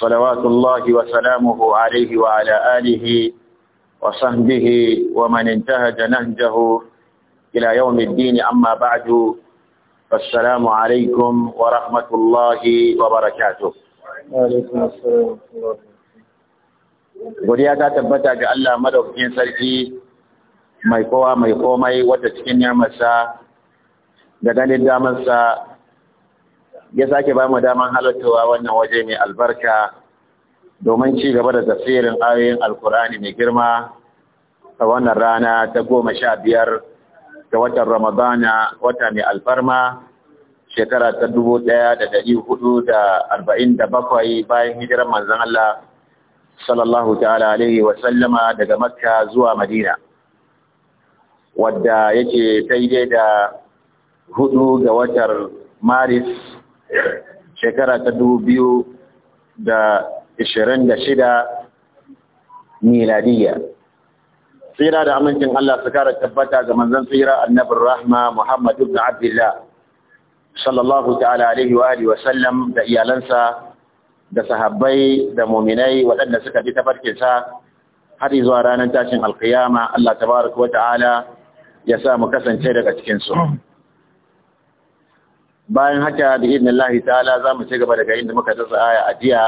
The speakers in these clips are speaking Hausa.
صلوات الله وسلامه عليه وعلى آله وصحبه ومن انتهج نهجه إلى يوم الدين أما بعد فالسلام عليكم ورحمة الله وبركاته وعليكم السلام يقوى ما يقوى ما يقوى ما يقوى ما يقوى ما يقوى ما يقوى ما يقوى ما damarsa ya sake ba mu daman halartawa wannan waje mai albarka domin ci gaba da tafsirin ayoyin alkur'ani mai girma a wannan rana ta goma sha biyar ga watan ramadana wata mai alfarma shekara ta dubu ɗaya da ɗari hudu da arba'in da bakwai bayan hijirar manzan Allah sallallahu ta'ala alaihi wa sallama daga makka zuwa madina wadda yake daidai da hudu ga watan maris shekara ta dubu biyu da ishirin da shida miladiyya. Tsira da amincin Allah su kara tabbata ga manzan tsira annabin rahma Muhammadu ibn Abdullah sallallahu ta'ala alaihi wa alihi wa sallam da iyalansa da sahabbai da muminai waɗanda suka bi tafarkinsa har zuwa ranar tashin alkiyama Allah tabaraka wa ta'ala ya sa mu kasance daga cikinsu. bayan haka da idin Allah ta'ala za mu ci gaba daga inda muka dasa aya a jiya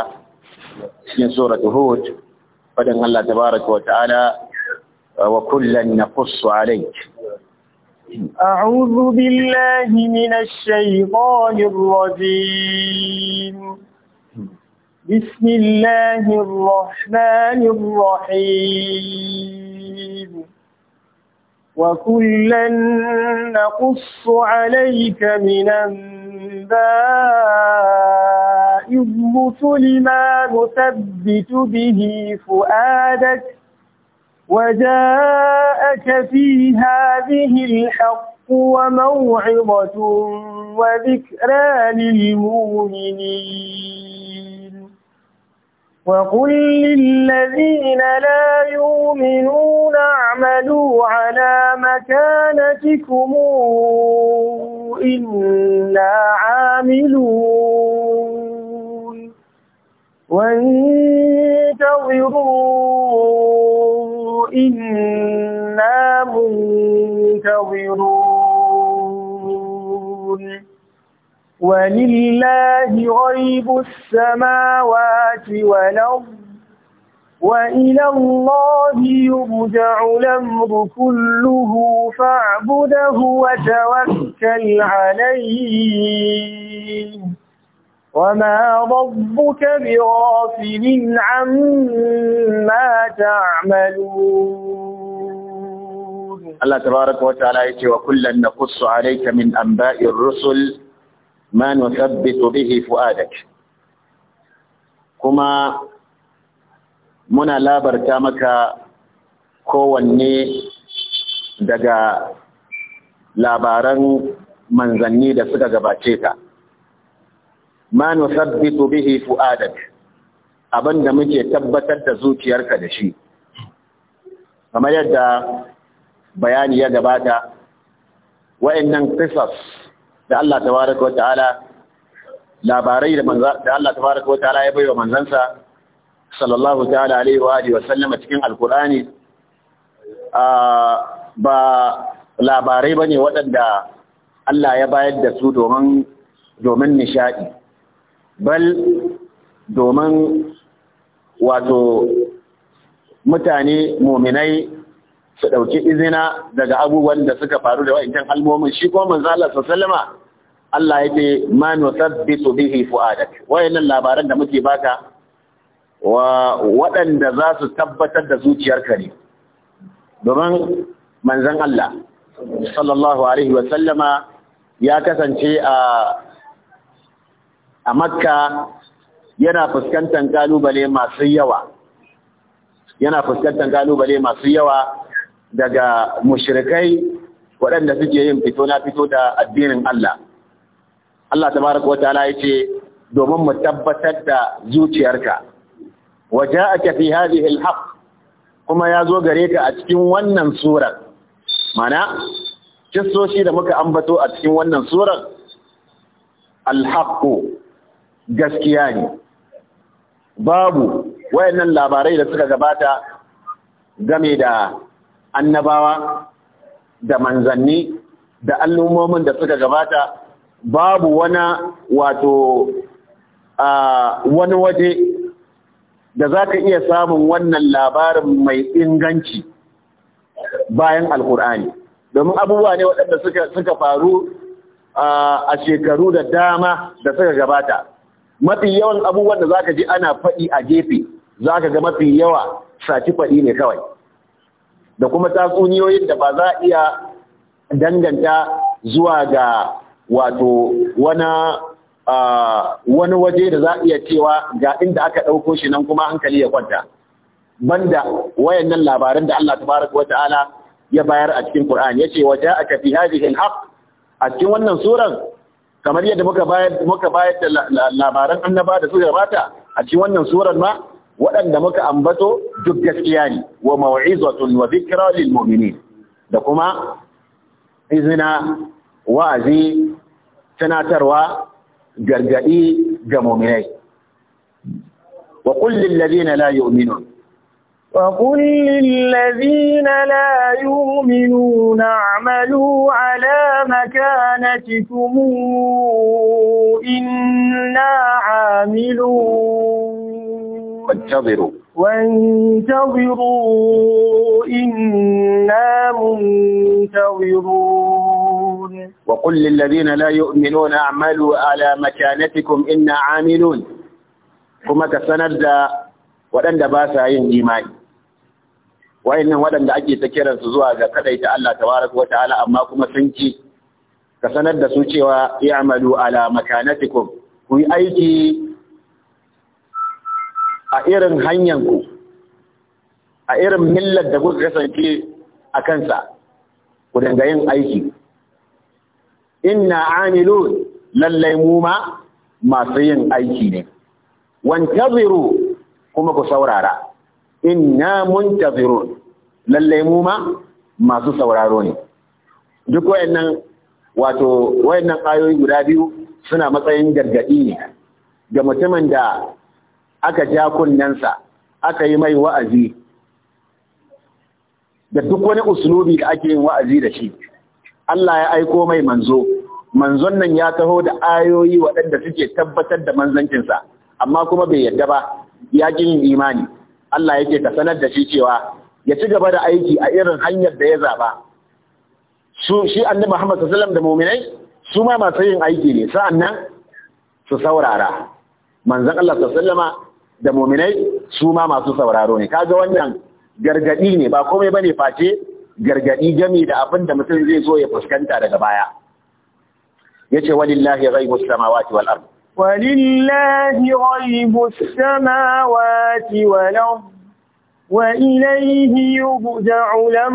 cikin suratul hud fadan Allah tabaraka wa ta'ala wa kullan naqussu alayk a'udhu billahi minash shaytanir rajim بسم الله الرحمن الرحيم وكلا نقص عليك من النبي أتباع الرسل ما نثبت به فؤادك وجاءك في هذه الحق وموعظة وذكرى للمؤمنين وقل للذين لا يؤمنون اعملوا على مكانتكم إنا عاملون وانتظروا إنا منتظرون ولله غيب السماوات والأرض وإلى الله يرجع الأمر كله فاعبده وتوكل عليه وما ربك بغافل عما تعملون الله تبارك وتعالى وكلا نقص عليك من أنباء الرسل ma nusabbitu bihi fu'adak kuma muna labarta maka kowanne daga labaran manzanni da suka gabace ka ma nusabbitu bihi fu'adak abinda muke tabbatar da zuciyarka da shi kamar yadda bayani ya gabata wa'annan qisas da Allah tabaraka wa ta'ala labarai da da Allah tabaraka wa ta'ala ya baiwa manzansa sallallahu ta'ala alaihi wa alihi wa sallama cikin alqur'ani ba labarai bane waɗanda Allah ya bayar da su domin domin nishadi bal domin wato mutane muminai su ɗauki izina daga abubuwan da suka faru da wa'incan almomin shi kuma manzo Allah sallama Allah ya ce ma nusabbitu bihi fuadak wayannan labaran da muke baka wa waɗanda za su tabbatar da zuciyarka ne domin manzon Allah sallallahu alaihi wa sallama ya kasance a a Makka yana fuskantar kalubale masu yawa yana fuskantar kalubale masu yawa daga mushrikai waɗanda suke yin fito na fito da addinin Allah. Allah ta baraka wata'ala ya ce domin mu tabbatar da zuciyarka. Waje ja'aka fi hadhihi al kuma ya zo gare ka a cikin wannan surar. Mana kissoshi da muka ambato a cikin wannan surar al gaskiya ne. Babu wayannan labarai da suka gabata game da annabawa da manzanni da al'ummomin da suka gabata babu wana wato wani waje da za ka iya samun wannan labarin mai inganci bayan alkur'ani domin abubuwa ne waɗanda suka faru a shekaru da dama da suka gabata mafi yawan abubuwan da za ka ji ana faɗi a gefe za ka ga mafi yawa saki faɗi ne kawai da kuma tatsuniyoyin da ba za a iya danganta zuwa ga wato wani waje da za a iya cewa ga inda aka ɗauko shi nan kuma hankali ya kwanta banda wayannan labaran da Allah tabaraka wa ta'ala ya bayar a cikin Qur'an ce waje aka fi hadhihi haq a cikin wannan suran kamar yadda muka bayar da labaran annaba da su gabata a cikin wannan suran ma waɗanda muka ambato duk gaskiya ne wa maw'izatun wa dhikra lil mu'minin da kuma izina wa'azi tunatarwa gargadi ga mu'minai wa qul lil ladina la yu'minun wa qul lil ladina la yu'minuna a'malu ala makanatikum inna 'amilun وانتظروا وانتظروا إنا منتظرون وقل للذين لا يؤمنون أعملوا على مكانتكم إنا عاملون كما كسند ولن باسا إيمان wa'annan waɗanda ake ta kiransu zuwa ga ta Allah tabaraka wa ta'ala amma kuma sun ci ka sanar da su cewa i'malu ala makanatikum ku yi aiki a irin ku, a irin millar da kuka kasance a kansa ku dinga yin aiki inna amilu lallai mu ma masu yin aiki ne wantaziru kuma ku saurara inna Muntaziru lallai mu ma masu sauraro ne duk wayannan wato wayannan ayoyi guda biyu suna matsayin gargadi ne ga mutumin da aka ja kunnensa aka yi mai wa'azi da duk wani uslubi da ake yin wa'azi da shi Allah ya aiko mai manzo manzon nan ya taho da ayoyi waɗanda suke tabbatar da manzancinsa amma kuma bai yadda ba ya yin imani Allah yake ta sanar da shi cewa ya ci gaba da aiki a irin hanyar da ya zaba su shi an Muhammad sallallahu da mu'minai su ma masu yin aiki ne sa'annan su saurara manzon Allah sallallahu da muminai su ma masu sauraro ne kaga wannan gargadi ne ba komai bane face gargadi game da abin da mutum zai zo ya fuskanta daga baya yace walillahi ghaibus samawati wal ard walillahi ghaibus samawati wal ard wa ilayhi yurja'u al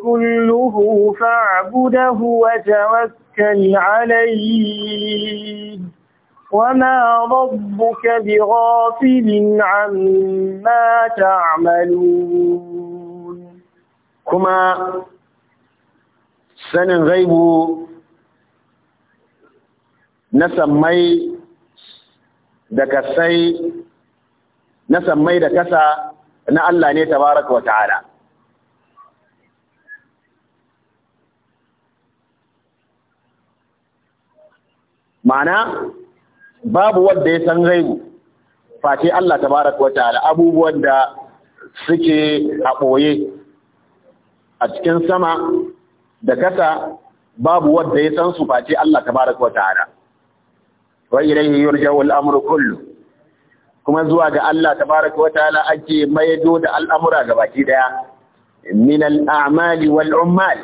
kulluhu fa'budhu wa tawakkal 'alayhi وما ربك بغافل عما تعملون كما سنن غيب نسمي دكسي نسمي دكسا na Allah ne tabaraka wa ta'ala ma'ana babu wanda ya san gaibu face Allah tabarak wa ta'ala abubuwan da suke a boye a cikin sama da kasa babu wanda ya san su face Allah tabarak wa ta'ala wa ilayhi yurja'u al-amru kullu kuma zuwa ga Allah tabarak wa ta'ala ake maido da al'amura gabaki daya min al-a'mali wal ummal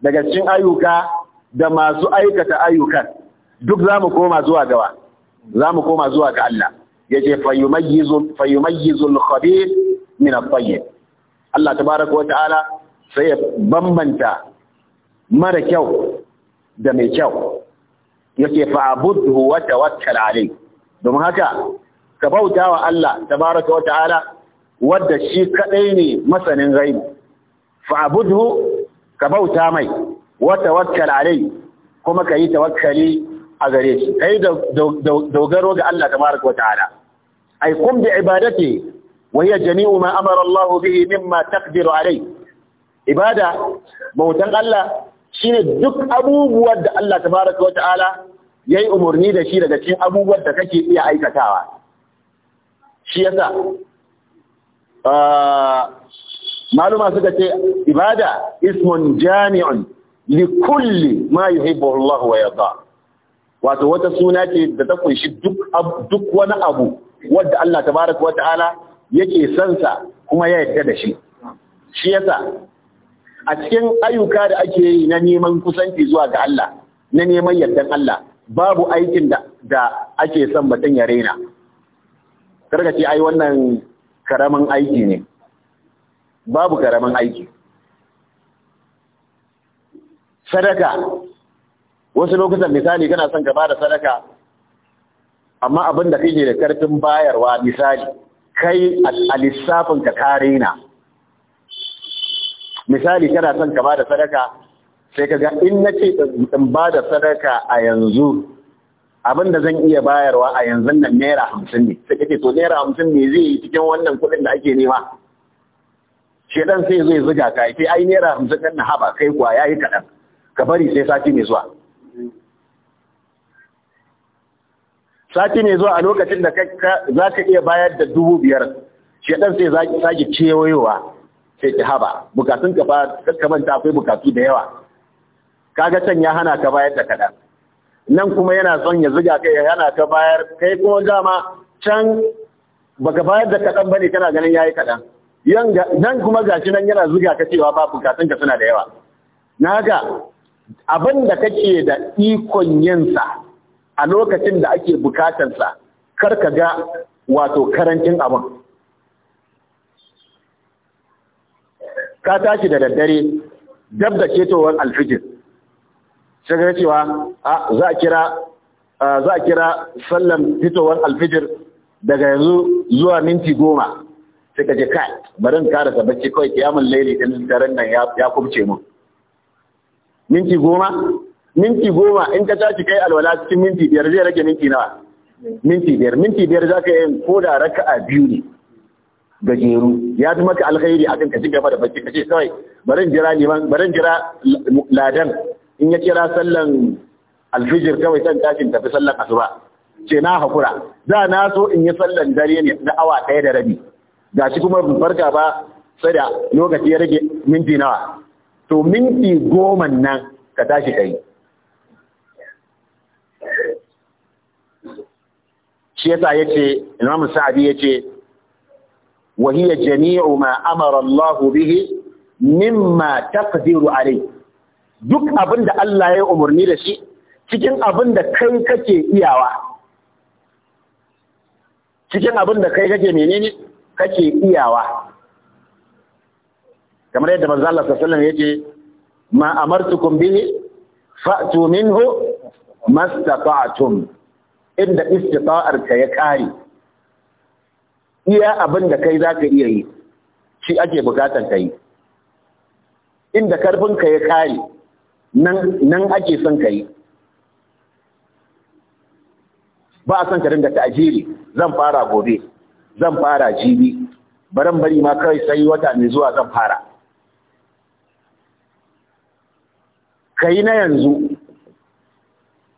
daga cikin ayyuka da masu aikata ayyukan duk zamu koma zuwa gaba za mu koma zuwa ga Allah ya ce fayyumayyizul khabir min at-tayyib Allah tabaraka wa ta'ala sai ya bambanta mara kyau da mai kyau yake fa'budhu wa tawakkal alayhi domin haka ka bauta wa Allah tabaraka wa ta'ala wadda shi kadai ne masanin gaibi fa'budhu ka bauta mai wa tawakkal alayhi kuma kayi tawakkali a gare shi kai dogaro ga Allah tabaraka wa ta'ala ai kum bi ibadati wa hiya jami'u ma amara Allah bihi mimma taqdiru alayhi ibada bautan Allah shine duk abubuwan da Allah tabaraka wa yayi umurni da shi daga cikin abubuwan da kake iya aikatawa shi yasa ah, maluma suka ce ibada ismun jami'un li kulli ma yuhibbu Allah wa yarda wato wata suna ce da ta kunshi duk wani abu wadda Allah ta baraka wa ta'ala yake son sa kuma ya yarda da shi shi yasa a cikin ayyuka da ake yi na neman kusanci zuwa ga Allah na neman yardan Allah babu aikin da ake son mutum ya raina karka ce ai wannan karaman aiki ne babu karamin aiki sadaka wasu lokutan misali kana son ka bada sadaka amma abin da kake da karfin bayarwa misali kai a lissafin ka kare na misali kana son ka bada sadaka sai ka ga in na ce in bada sadaka a yanzu abin da zan iya bayarwa a yanzu nan naira hamsin ne sai kake to naira hamsin ne zai yi cikin wannan kuɗin da ake nema shedan sai zai zuga ka sai ai naira hamsin ɗin na haba kai kuwa yayi kaɗan ka bari sai sati mai zuwa sati ne zuwa a lokacin da za ka iya bayar da dubu biyar shi ɗan sai za ki sake cewayowa sai ki haba bukatun ka fa ta akwai bukatu da yawa kaga can ya hana ka bayar da kaɗan nan kuma yana son ya ziga kai ya hana ka bayar kai kuma dama can baka bayar da kaɗan bane kana ganin yayi kaɗan nan kuma gashi nan yana zuga ka cewa ba bukatun ka suna da yawa naga abin da kake da ikon yinsa a lokacin da ake bukatarsa kar ka ga wato karancin abin ka tashi da daddare dab da ketowar alfijir sai cewa a za a kira za a kira sallan fitowar alfijir daga yanzu zuwa minti goma sai ka je kai barin karasa bacci kawai kiyamun laili din daren nan ya kubce mu minti goma minti goma in ka tashi kai alwala cikin minti biyar zai rage minti nawa minti biyar minti biyar za ka yi ko da a biyu ne gajeru ya fi maka alkhairi akan ka ci gaba da bacci ka ce kawai barin jira liman barin jira ladan in ya kira sallan alfijir kawai san tashin tafi sallan asuba ce na hakura Za na so in yi sallan dare ne na awa ɗaya da rabi shi kuma farka ba sai da lokaci ya rage minti nawa to minti goma nan ka tashi kai shi yasa yace Imam Sa'di yace wa hiya jami'u ma amara Allah bihi mimma taqdiru alai duk abin Allah ya umarni da shi cikin abinda da kai kake iyawa cikin abin kai kake menene kake iyawa kamar yadda manzo Allah sallallahu alaihi wasallam yace ma amartukum bihi fa'tu minhu mastata'tum inda istita'ar ka ya kare iya abin da kai zaka iya yi shi ake bukatar ka yi inda karfin ka ya kare nan nan ake son ka yi ba a son ka dinga ta'jiri zan fara gobe zan fara jibi baran bari ma kawai sai wata mai zuwa zan fara ka yi na yanzu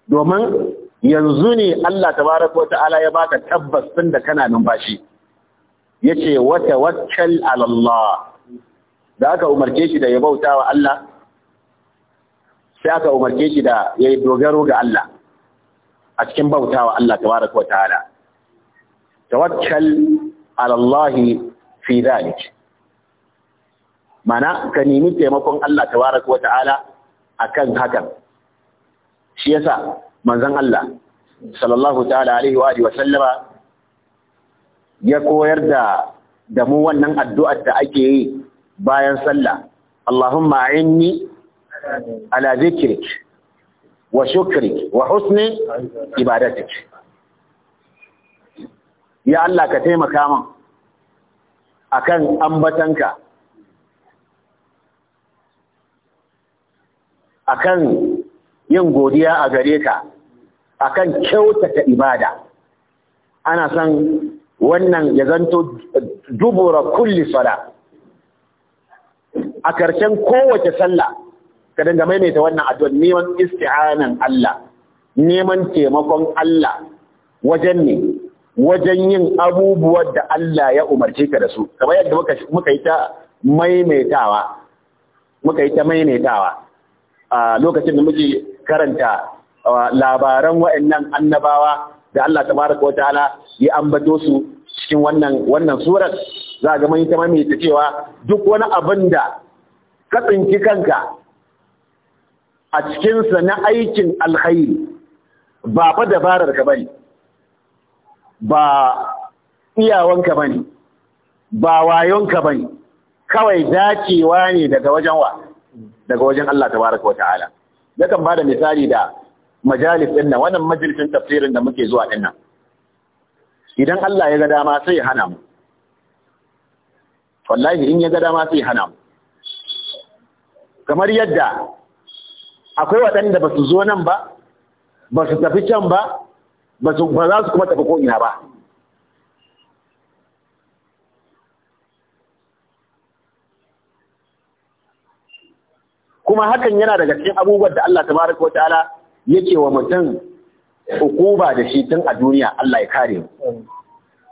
domin yanzu ne Allah tabaraka wa ta'ala ya baka tabbas din da kana numfashi yace wa tawakkal ala Allah da aka umarce shi da ya bauta wa Allah sai aka umarce shi da ya yi dogaro ga Allah a cikin bauta wa Allah tabaraka wa ta'ala tawakkal ala Allah fi dalik mana ka nemi taimakon Allah tabaraka wa ta'ala akan hakan shi yasa Manzan Allah sallallahu ta'ala alaihi wa sallama ya koyar da da mu wannan addu'ar da ake yi bayan sallah Allahumma inni ala zikrik wa shukrik wa husni ibadatik ya Allah ka taimaka min akan ambatanka akan yin godiya a gare ka akan kyautata ibada ana son wannan ya zanto dubura kulli sala a karshen kowace sallah ka dinga maimaita wannan addu'a neman isti'anan Allah neman taimakon Allah wajen ne wajen yin abubuwan da Allah ya umarce ka da su kamar yadda muka yi ta maimaitawa muka yi ta maimaitawa a lokacin da muke karanta labaran wa'annan annabawa da Allah baraka wa ta'ala ya ambato su cikin wannan wannan surar za ga mai ta mai ta cewa duk wani abin da ka tsinki kanka a cikin sa na aikin alkhairi ba fa dabarar ka bane ba iyawanka bane ba wayonka bane kawai dacewa ne daga wajen wa daga wajen Allah baraka wa ta'ala yakan da misali da majalis ɗin nan wannan majalisun tafsirin da muke zuwa ɗin nan idan Allah ya ga dama sai ya hana mu wallahi in ya ga dama sai ya hana mu kamar yadda akwai waɗanda ba su zo nan ba ba su tafi can ba ba za su kuma tafi ko'ina ba kuma hakan yana daga cikin abubuwan da Allah tabaraka wataala yake wa mutum hukuma da shi tun a duniya Allah ya kare mu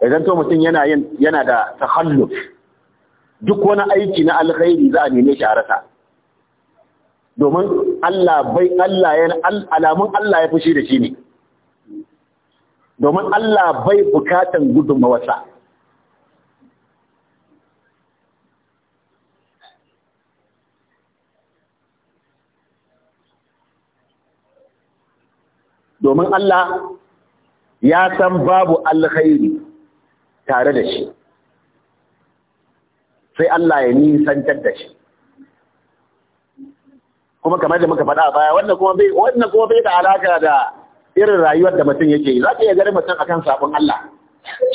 idan to mutum yana yana da tahalluf duk wani aiki na alkhairi za a neme shi a rasa domin Allah bai Allah yana alamun Allah ya fushi da shi ne domin Allah bai bukatan gudunmawarsa domin Allah ya san babu alkhairi tare da shi sai Allah ya nisantar da shi kuma kamar da muka faɗa a baya wannan kuma bai wannan kuma bai da alaka da irin rayuwar da mutum yake yi za iya gari mutum akan sabon Allah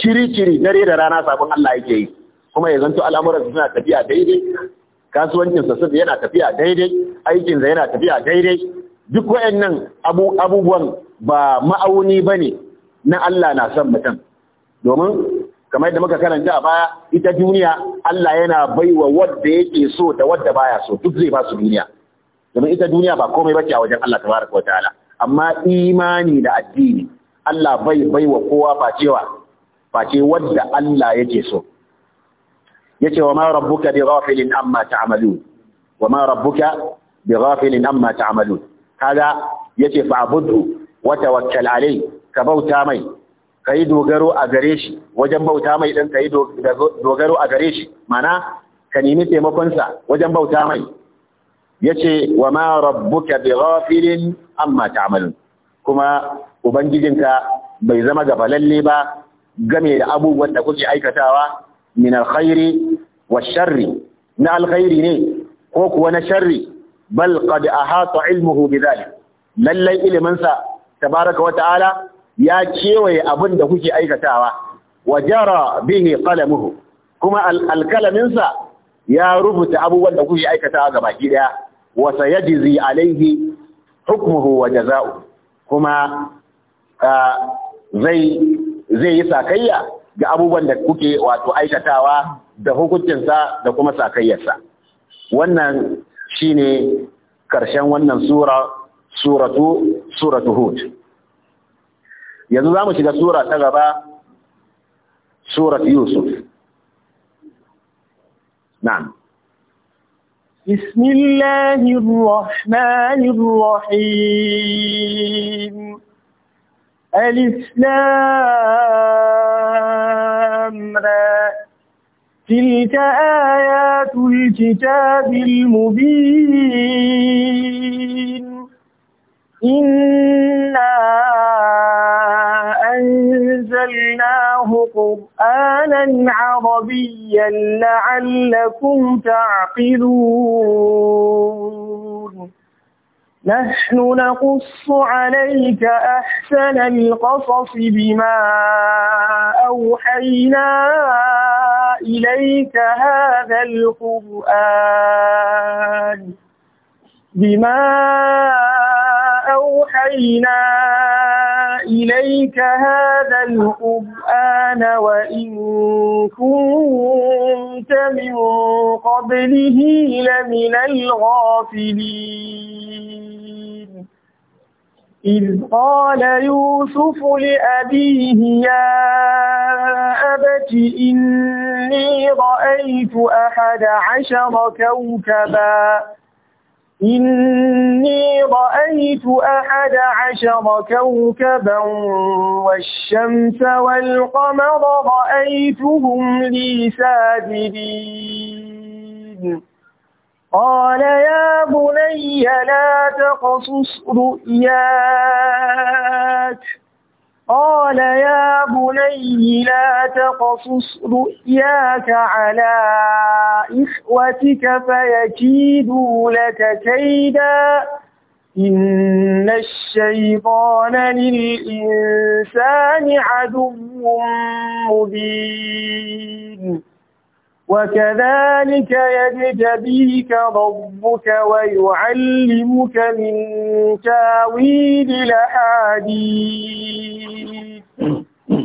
ciri-ciri dare da rana sabon Allah yake yi kuma ya zanto su suna tafiya daidai kasuwancinsa yana tafiya daidai aikin aikinsa yana tafiya daidai duk wa'annan abubuwan ba ma'auni ba ne na Allah na son mutum domin kamar da muka karanta a baya ita duniya Allah yana baiwa wadda yake so da wadda baya so duk zai ba su duniya domin ita duniya ba komai bace a wajen Allah tabaraka wa amma imani da addini Allah bai baiwa kowa facewa face wadda Allah yake so yace wa ma rabbuka bi ghafilin amma ta'malun wa ma rabbuka bi ghafilin amma ta'malun kaga yace fa abudu Wata wakkal alai ka bauta mai yi dogaro a gare shi wajen bauta mai ka yi dogaro a gare shi mana ka nemi taimakonsa wajen bauta mai yace wa ma rabbuka bighafilin amma ta'malun kuma ubangijinka bai zama gafalalle ba game da abubuwan da kuke aikatawa min alkhairi wa sharri na alkhairi ne ko kuwa na sharri bal qad ahata ilmuhu bidhalik lallai iliminsa tabaraka wa ta'ala ya kewaye abin da kuke aikatawa wa jara bihi qalamuhu kuma alkalaminsa ya rubuta abubuwan da kuke aikatawa ga baki daya wa sayajzi alaihi hukmuhu wa jazaa'u kuma zai yi sakayya ga abubuwan da kuke wato aikatawa da hukuncinsa da kuma sakayyarsa wannan shine ƙarshen wannan sura suratu suratu hud yanzu zamu shiga sura ta gaba suratu yusuf na'am bismillahir rahmanir rahim alif lam ra تلك آيات الكتاب المبين إنا أنزلناه قرآنا عربيا لعلكم تعقلون نحن نقص عليك أحسن القصص بما أوحينا إليك هذا القرآن بما أوحينا إليك هذا القرآن وإن كنت من قبله لمن الغافلين إذ قال يوسف لأبيه يا أبت إني رأيت أحد عشر كوكباً إني رأيت أحد عشر كوكبا والشمس والقمر رأيتهم لي ساجدين قال يا بني لا تقصص رؤياك قال يا بني لا تقصص رؤياك على إخوتك فيكيدوا لك كيدا إن الشيطان للإنسان عدو مبين وكذلك يجتبيك ربك ويعلمك من تاويل الأحاديث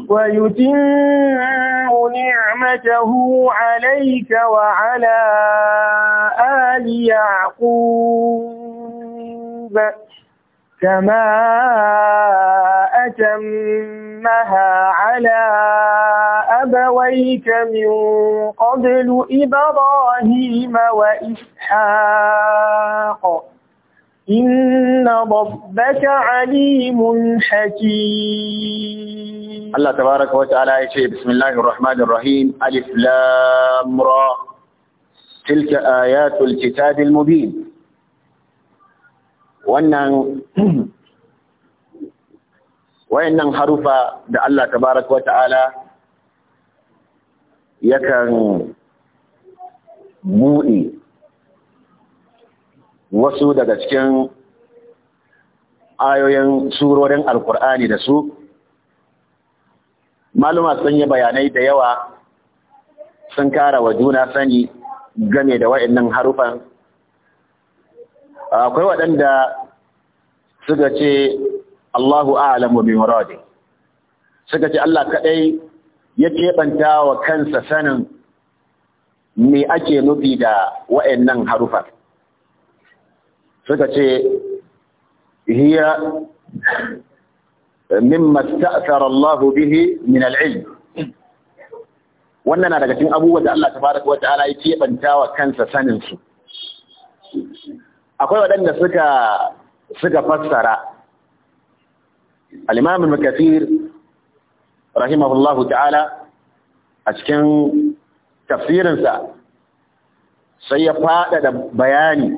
ويتم نعمته عليك وعلى آل يعقوب كما أتمها على أبويك من قبل إبراهيم وإسحاق إن ربك عليم حكيم الله تبارك وتعالى يشي بسم الله الرحمن الرحيم ألف لام را تلك آيات الكتاب المبين wannan wayannan harufa da Allah tabaraka wata'ala yakan buɗe wasu daga cikin ayoyin surorin alkur'ani da su maluma sun yi bayanai da yawa sun kara wa juna sani game da wayannan harufan akwai waɗanda suka ce Allahu a'lam bi muradi suka ce Allah kadai ya keɓanta wa kansa sanin me ake nufi da wa'annan harufan suka ce hiya mimma ta'athara bihi min al-ilm wannan na daga cikin abubuwan da Allah tabaraka wa ta'ala ya keɓanta wa kansa sanin su akwai waɗanda suka suka fassara al-imam al rahimahullahu ta'ala a cikin tafsirinsa sai ya faɗaɗa bayani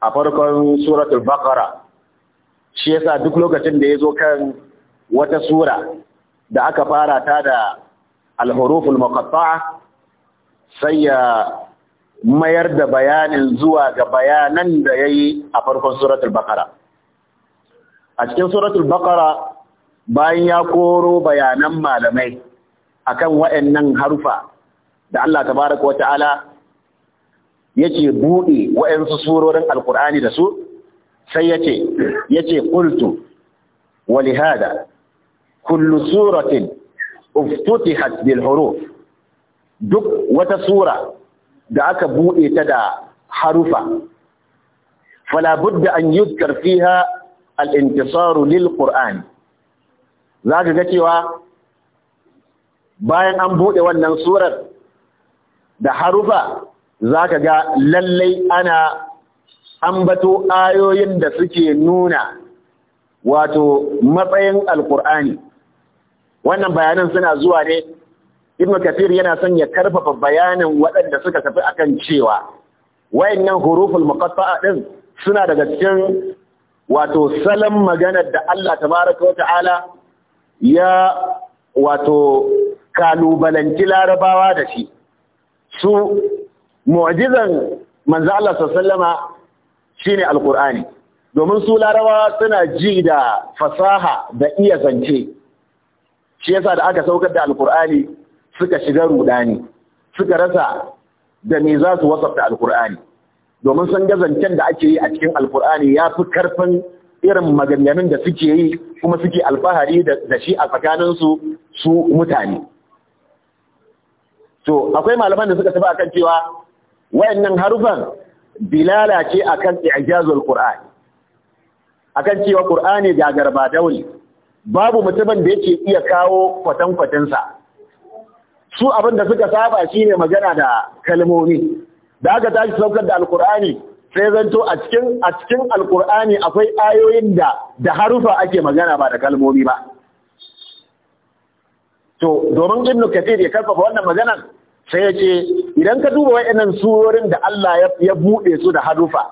a farkon suratul baqara shi yasa duk lokacin da ya zo kan wata sura da aka fara ta da alhuruful muqatta'a sai ya mayar da bayanin zuwa ga bayanan da ya yi a farkon suratul bakara a cikin suratul bakara bayan ya koro bayanan malamai akan waɗannan harufa da Allah tabaraka wata'ala yake buɗe waɗansu surorin alkur'ani da su sai yace yace qultu walihada kullu suratin uftutihat bil huruf duk wata sura da aka buɗe ta da harufa fala budda an yi karfi ha intisaru lil Za ka ga cewa bayan an buɗe wannan surar da harufa ka ga lallai ana ambato ayoyin da suke nuna wato matsayin alkur'ani wannan bayanan suna zuwa ne Ibn kathir yana son ya karfafa bayanin waɗanda suka tafi akan cewa wayannan huruful muqatta'a din suna daga cikin wato salon maganar da Allah tabaraka ta'ala ya wato kalubalanci larabawa da shi su mu'jizan manzo Allah sallama shine alqur'ani domin su larabawa suna ji da fasaha da iya zance shi yasa da aka saukar da alqur'ani suka shiga rudani suka rasa da me za su wasafta alkur'ani domin san gazancen da ake yi a cikin alkur'ani ya fi karfin irin maganganun da suke yi kuma suke alfahari da shi a tsakaninsu su mutane to akwai malaman da suka tafi akan cewa wayannan harufan bilala ce akan i'jazul qur'ani akan cewa qur'ani da garba dauli babu mutumin da yake iya kawo kwatansa su abin da suka saba shine magana da kalmomi da aka tashi saukar da alkur'ani sai zanto a cikin a cikin alkur'ani akwai ayoyin da da harufa ake magana ba da kalmomi ba to domin ibn kathir ya karfafa wannan maganar sai ya ce idan ka duba waɗannan surorin da Allah ya buɗe su da harufa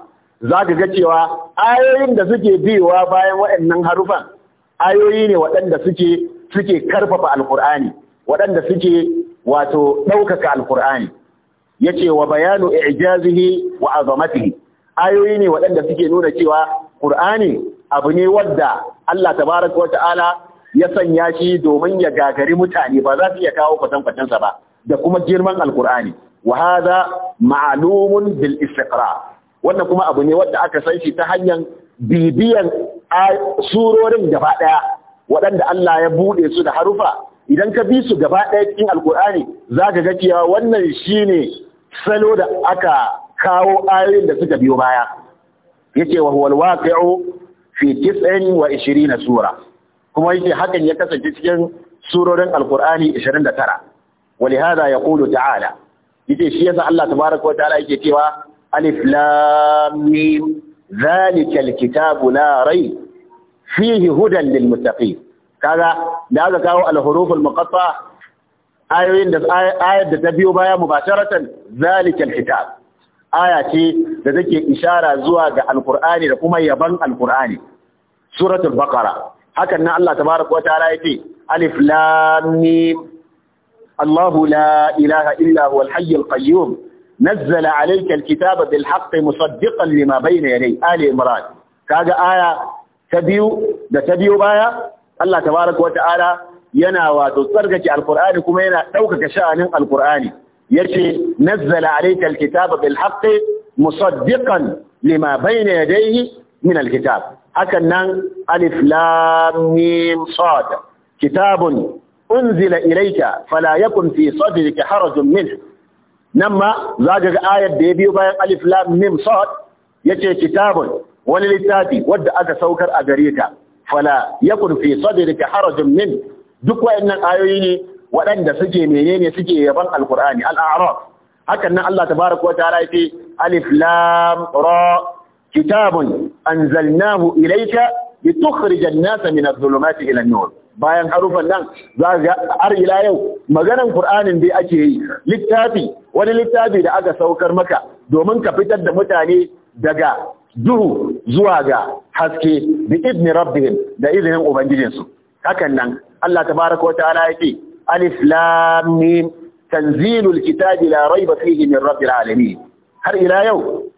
za ka ga cewa ayoyin da suke biyowa bayan waɗannan harufan ayoyi ne waɗanda suke suke karfafa alkur'ani waɗanda suke wato ɗaukaka alkur'ani yace wa bayanu i'jazihi wa azamatihi ayoyi ne waɗanda suke nuna cewa ƙur'ani abu ne wadda Allah tabaraka wa ta'ala ya sanya shi domin ya gagari mutane ba za su iya kawo kwatankwacin sa ba da kuma girman alkur'ani wa hadha ma'lumun bil istiqra wannan kuma abu ne wadda aka san shi ta hanyar bibiyan surorin gaba daya waɗanda Allah ya buɗe su da harufa idan ka bi su gaba ɗaya cikin alkur'ani za ka ga cewa wannan shine salo da aka kawo ayoyin da suka biyo baya yace wa huwal waqi'u fi 29 sura kuma yake hakan ya kasance cikin surorin alkur'ani 29 walihada yaqulu ta'ala yace shi yasa Allah tabaaraka wa ta'ala yake cewa alif lam mim zalikal kitabu la rayb fihi hudan lil kaga da aka kawo al-huruful muqatta ayoyin da ayar da ta biyo baya mubasharatan zalikal kitab aya ce da take ishara zuwa ga alqur'ani da kuma yaban alqur'ani suratul baqara hakan nan Allah tabaaraka wataala yace alif lam mim Allahu la ilaha illa huwal hayyul qayyum bil haqqi, الكتاب بالحق مصدقا لما بين يديه آل إمران كاجا آية da ta biyu baya. Allah tabaraka wata'ala yana wato tsarkake alqur'ani kuma yana ɗaukaka sha'anin alqur'ani yace nazzala alayka alkitaba bil haqqi musaddiqan lima bayna yadayhi min alkitab hakan nan alif lam mim sad kitabun unzila ilayka fala yakun fi sadrika harajun minhu nan ma za ga ayar da ya biyo bayan alif lam mim sad yace kitabun wani littafi wadda aka saukar a gareta fala yakun fi ka harajun min duk wayannan ayoyi ne waɗanda suke menene suke yaban alqur'ani al-a'raf hakan nan Allah tabaraka wa ta'ala yace alif lam ra kitabun anzalnahu ilayka litukhrijan an-nasa min adh-dhulumati ila an-nur bayan harufan nan za ga har ila yau maganan Qur'anin dai ake yi littafi wani littafi da aka saukar maka domin ka fitar da mutane daga duhu zuwa ga haske bi ibni rabbihim da izinin ubangijinsu hakan nan Allah tabaraka wa ta'ala yake alif lam mim tanzilul kitabi la rayba fihi min rabbil alamin har ila yau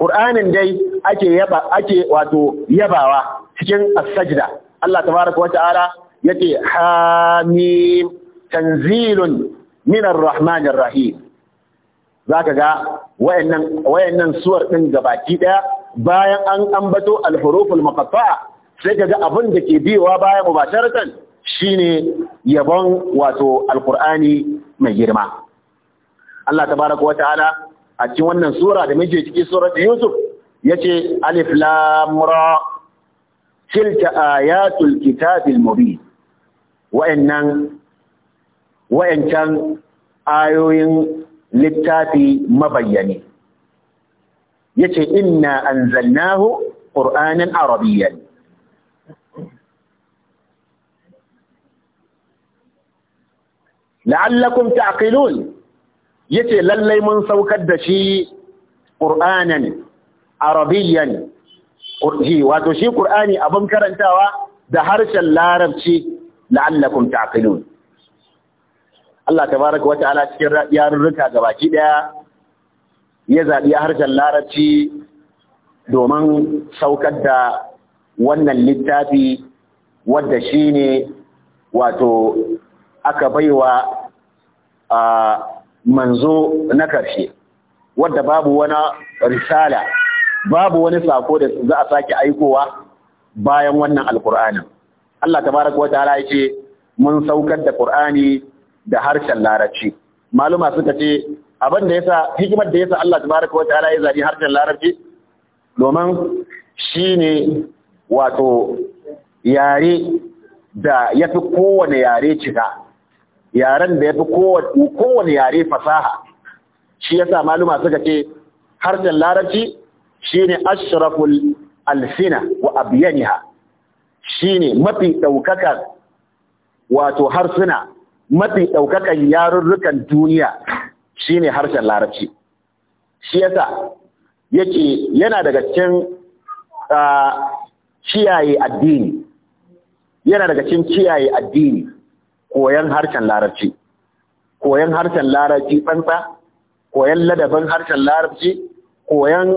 Qur'anin dai ake yaba ake wato yabawa cikin as-sajda Allah tabaraka wa ta'ala yake hamim tanzilun min ar-rahmanir rahim za ka ga wayannan suwar ɗin gabaki ɗaya bayan an ambato alhuruful makafa sai ka ga abin da ke biyowa bayan mubasharatan shine yabon wato Alkur'ani mai girma Allah Ta baraka wa ta'ala a cikin wannan sura da muke cikin surat Yusuf ya ce alif lamura tilka ayatul kitabil mubi wa'annan wa'ancan ayoyin littafi mabayyani yace inna anzalnahu qur'anan arabiyyan la'allakum ya yace lallai mun saukar da shi qur'anan arabiyyan wato shi ƙur'ani abin karantawa da harshen larabci la'allakum ta'qilun Allah tabaraka wata'ala cikin yarurruka baki daya ya zaɓi harshen larabci domin saukar da wannan littafi wadda shi wato aka baiwa a manzo na karshe wadda babu wani risala babu wani sako da za a sake aikowa bayan wannan alkur'anin Allah tabaraka wa yace mun saukar da qur'ani da harshen larabci maluma suka ce abin da yasa hikimar da yasa Allah tabaraka wataala ya zabi harshen larabci domin shine wato yare da yafi kowane yare cika yaren da yafi kowane yare fasaha shi yasa maluma suka ce harshen larabci shine ashraful alfina wa shi shine mafi ɗaukakar wato harsuna mafi ɗaukakan yarurrukan duniya shine harshen larabci shi yasa yake yana daga cikin kiyaye addini yana daga cikin kiyaye addini koyan harshen larabci koyan harshen larabci tsantsa koyan ladabin harshen larabci koyan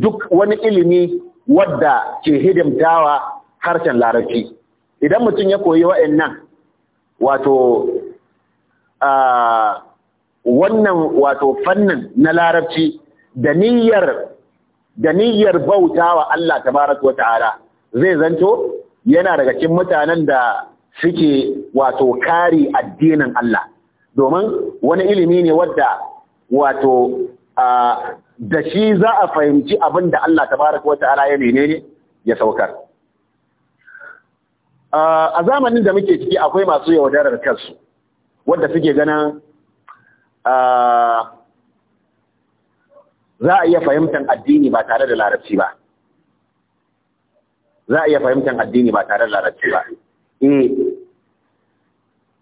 duk wani ilimi wadda ke hidimtawa harshen larabci idan mutum ya koyi wa'annan wato wannan wato fannin na larabci da niyyar bauta wa bautawa Allah tabaraka wa ta'ala zai zanto yana daga cikin mutanen da suke wato kari addinin Allah domin wani ilimi ne wadda wato da shi za a fahimci abin da Allah tabaraka wa ta'ala ya menene ya saukar a zamanin da muke ciki akwai masu yaudarar kansu wadda suke ganin za a iya fahimtar addini ba tare da larabci ba za a iya fahimtar addini ba tare da larabci ba e,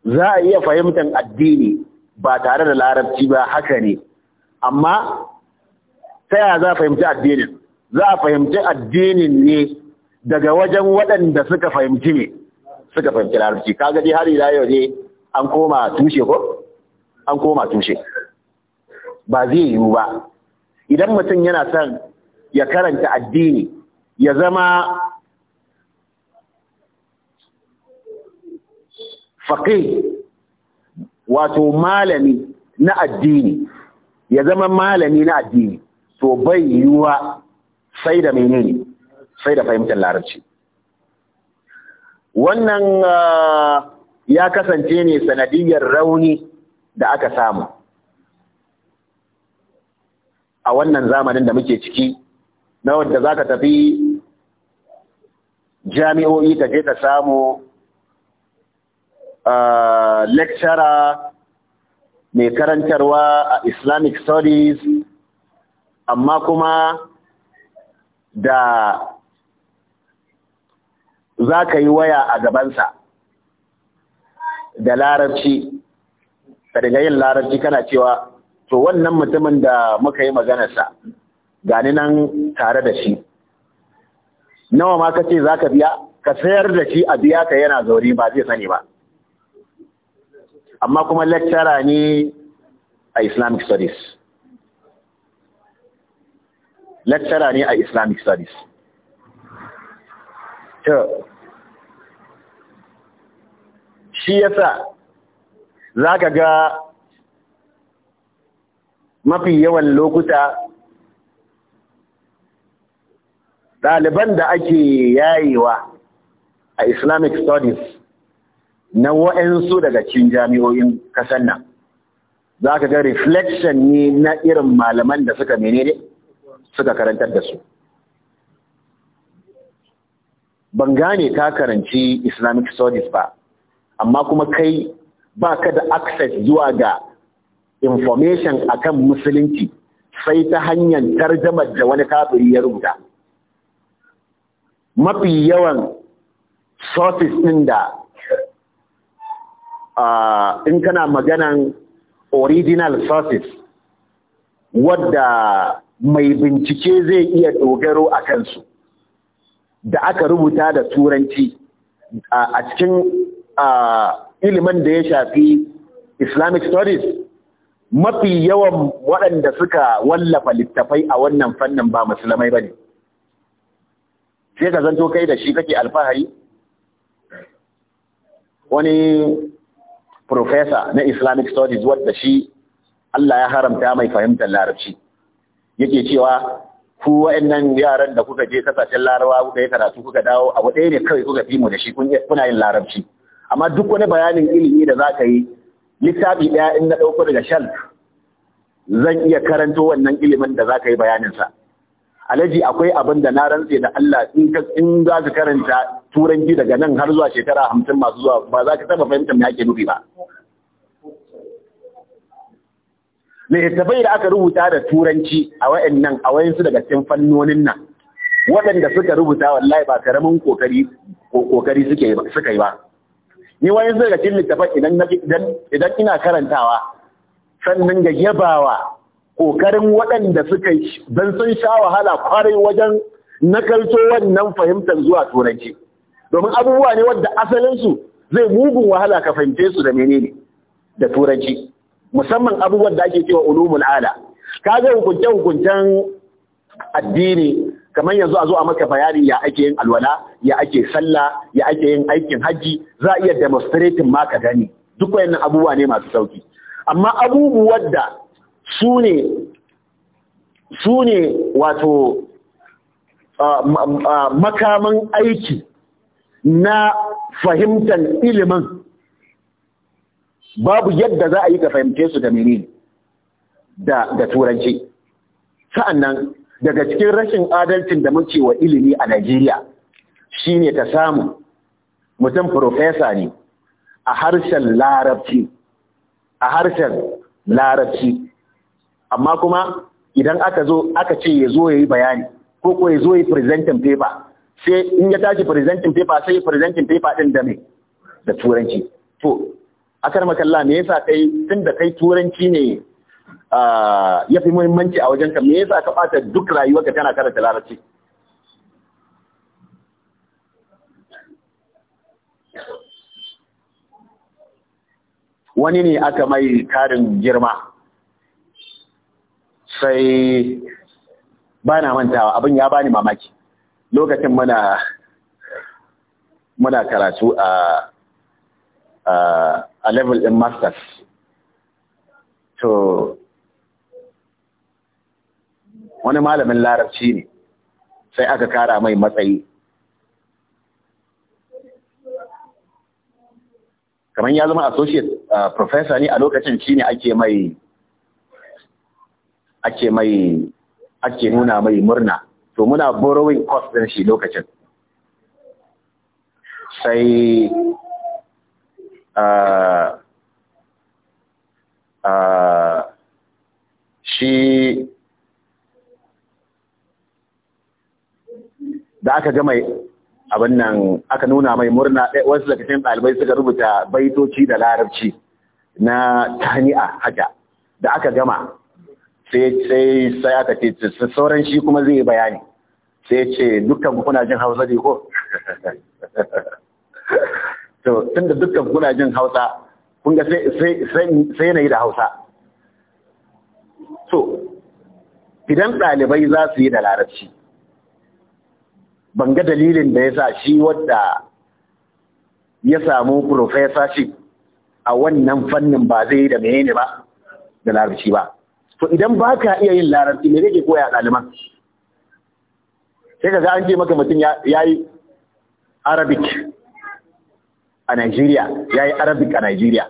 za a iya fahimtar addini ba tare da larabci ba haka ne amma ta yaya za a fahimci addinin za a fahimci addinin ne daga wajen waɗanda suka fahimci ne suka fahimci larabci kaga dai har ila yau ne an koma tushe ko an koma tushe ba zai yiwu ba idan mutum yana son ya karanta addini ya zama faƙi wato malami na addini ya zama malami na addini to bai yiwuwa sai da menene sai da fahimtar larabci wannan ah, ya kasance ne sanadiyar rauni da aka samu a wannan zamanin da muke ciki na wadda za ka tafi jami'o'i ta je ta samu ah, lecturer mai karantarwa a islamic studies amma kuma da za ka yi waya a gabansa da larabci ka daga yin larabci kana cewa to wannan mutumin da muka yi maganarsa gani nan tare da shi nawa ma ka ce za ka biya ka sayar da shi a biya ka yana zauri ba zai sani ba amma kuma lecturer ne a islamic studies lecturer ne a islamic studies shi yasa za ka ga mafi yawan lokuta ɗaliban da ake yayewa a islamic studies na wa'ansu daga cikin jami'o'in kasar nan za ka ga reflection ne na irin malaman da suka menene suka karantar da su. ban gane ka karanci islamic studies ba amma kuma kai ba ka da access zuwa ga information akan musulunci sai ta hanyar tarjamar da wani kafiri ya rubuta mafi yawan sources ɗin da in kana maganan original sources wadda mai bincike zai iya dogaro a kansu da aka rubuta da turanci a cikin ilimin da ya shafi Islamic Studies mafi yawan waɗanda suka wallafa littafai a wannan fannin ba musulmai ba ne. Sai ka zanto kai da shi kake alfahari? Wani profesa na Islamic Studies wadda shi Allah ya haramta mai fahimtar larabci. Yake cewa ku wa'annan yaran da kuka je kasashen larawa kuka yi karatu kuka dawo abu ɗaya ne kawai kuka fi mu da shi kuna yin larabci amma duk wani bayanin ilimi da za ka yi littafi ɗaya in na ɗauko daga shan zan iya karanto wannan ilimin da za ka yi bayaninsa alhaji akwai abin da na rantse da Allah in za ka karanta turanci daga nan har zuwa shekara hamsin masu zuwa ba za ka taɓa fahimtar me ake nufi ba littattafai da aka rubuta da turanci a wa'annan a wayansu daga cikin fannonin nan waɗanda suka rubuta wallahi ba karamin kokari kokari suka yi ba ni wayansu daga cikin littafai idan idan ina karantawa sannan ga yabawa kokarin waɗanda suka yi dan sun sha wahala kwarai wajen nakalto wannan fahimtar zuwa turanci domin abubuwa ne wadda asalinsu zai mugun wahala ka fahimce su da menene da turanci musamman abubuwan da ake cewa ulumul ala kaga hukunce hukuncen addini kamar yanzu a zo a maka bayani ya ake yin alwala ya ake sallah ya ake yin aikin hajji za a iya demonstrating ma ka gani duk wayannan abubuwa ne masu sauki amma abubuwan da su ne su ne wato makaman aiki na fahimtar ilimin babu yadda za a yi ka fahimce su da menene da da turanci sa'annan daga cikin rashin adalcin da muke wa ilimi a Najeriya shine ta samu mutum profesa ne a harshen larabci a harshen larabci amma kuma idan aka zo aka ce ya zo ya yi bayani ko ko ya zo ya yi presenting paper sai in ya tashi presenting fefa sai ya presenting paper din da me da turanci to akar makalla me yasa kai da kai turanci ne ya fi muhimmanci a ka, me yasa ka bata duk rayuwarka tana karanta larabci wani ne aka mai karin girma sai ba na mantawa abin ya bani mamaki lokacin muna karatu a Uh, a level ɗin masters to wani malamin larabci ne sai aka kara mai matsayi kamar ya zama associate uh, professor ne a lokacin shi ne ake mai ake mai ake nuna mai murna to muna borrowing cost din shi lokacin sai shi da aka gama abin nan aka nuna mai murna eh, wasu daga cikin ɗalibai suka rubuta baitoci da larabci na tani'a haka da aka gama sai sai aka ce sauran shi kuma zai bayani sai ce dukkan kuna jin hausa ko to tunda dukkan kuna jin hausa kun ga sai na da hausa to idan ɗalibai za su yi da larabci ban ga dalilin da ya sa shi wadda ya samu professorship a wannan fannin ba zai yi da menene ba da larabci ba to idan ba ka iya yin larabci me zai koya ɗaliban sai ka ga an ce maka mutum ya yi arabic a Najeriya ya yi Arabic a Najeriya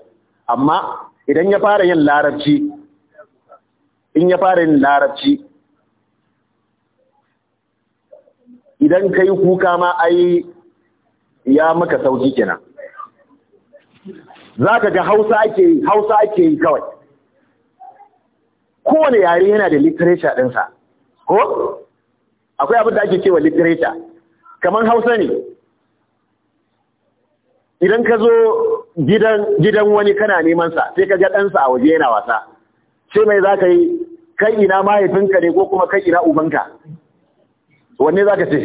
amma idan ya fara yin larabci in ya fara yin larabci idan ka yi kuka ma ai ya maka sauki kenan za ka ga hausa ake yi hausa ake yi kawai kowane yare yana da literature ɗinsa ko akwai abin da ake cewa literature kamar hausa ne idan ka zo gidan wani kana neman sa sai ka ga ɗansa a waje yana wasa sai mai za ka yi kai ina mahaifinka ne ko kuma kai ina ubanka wanne za ka ce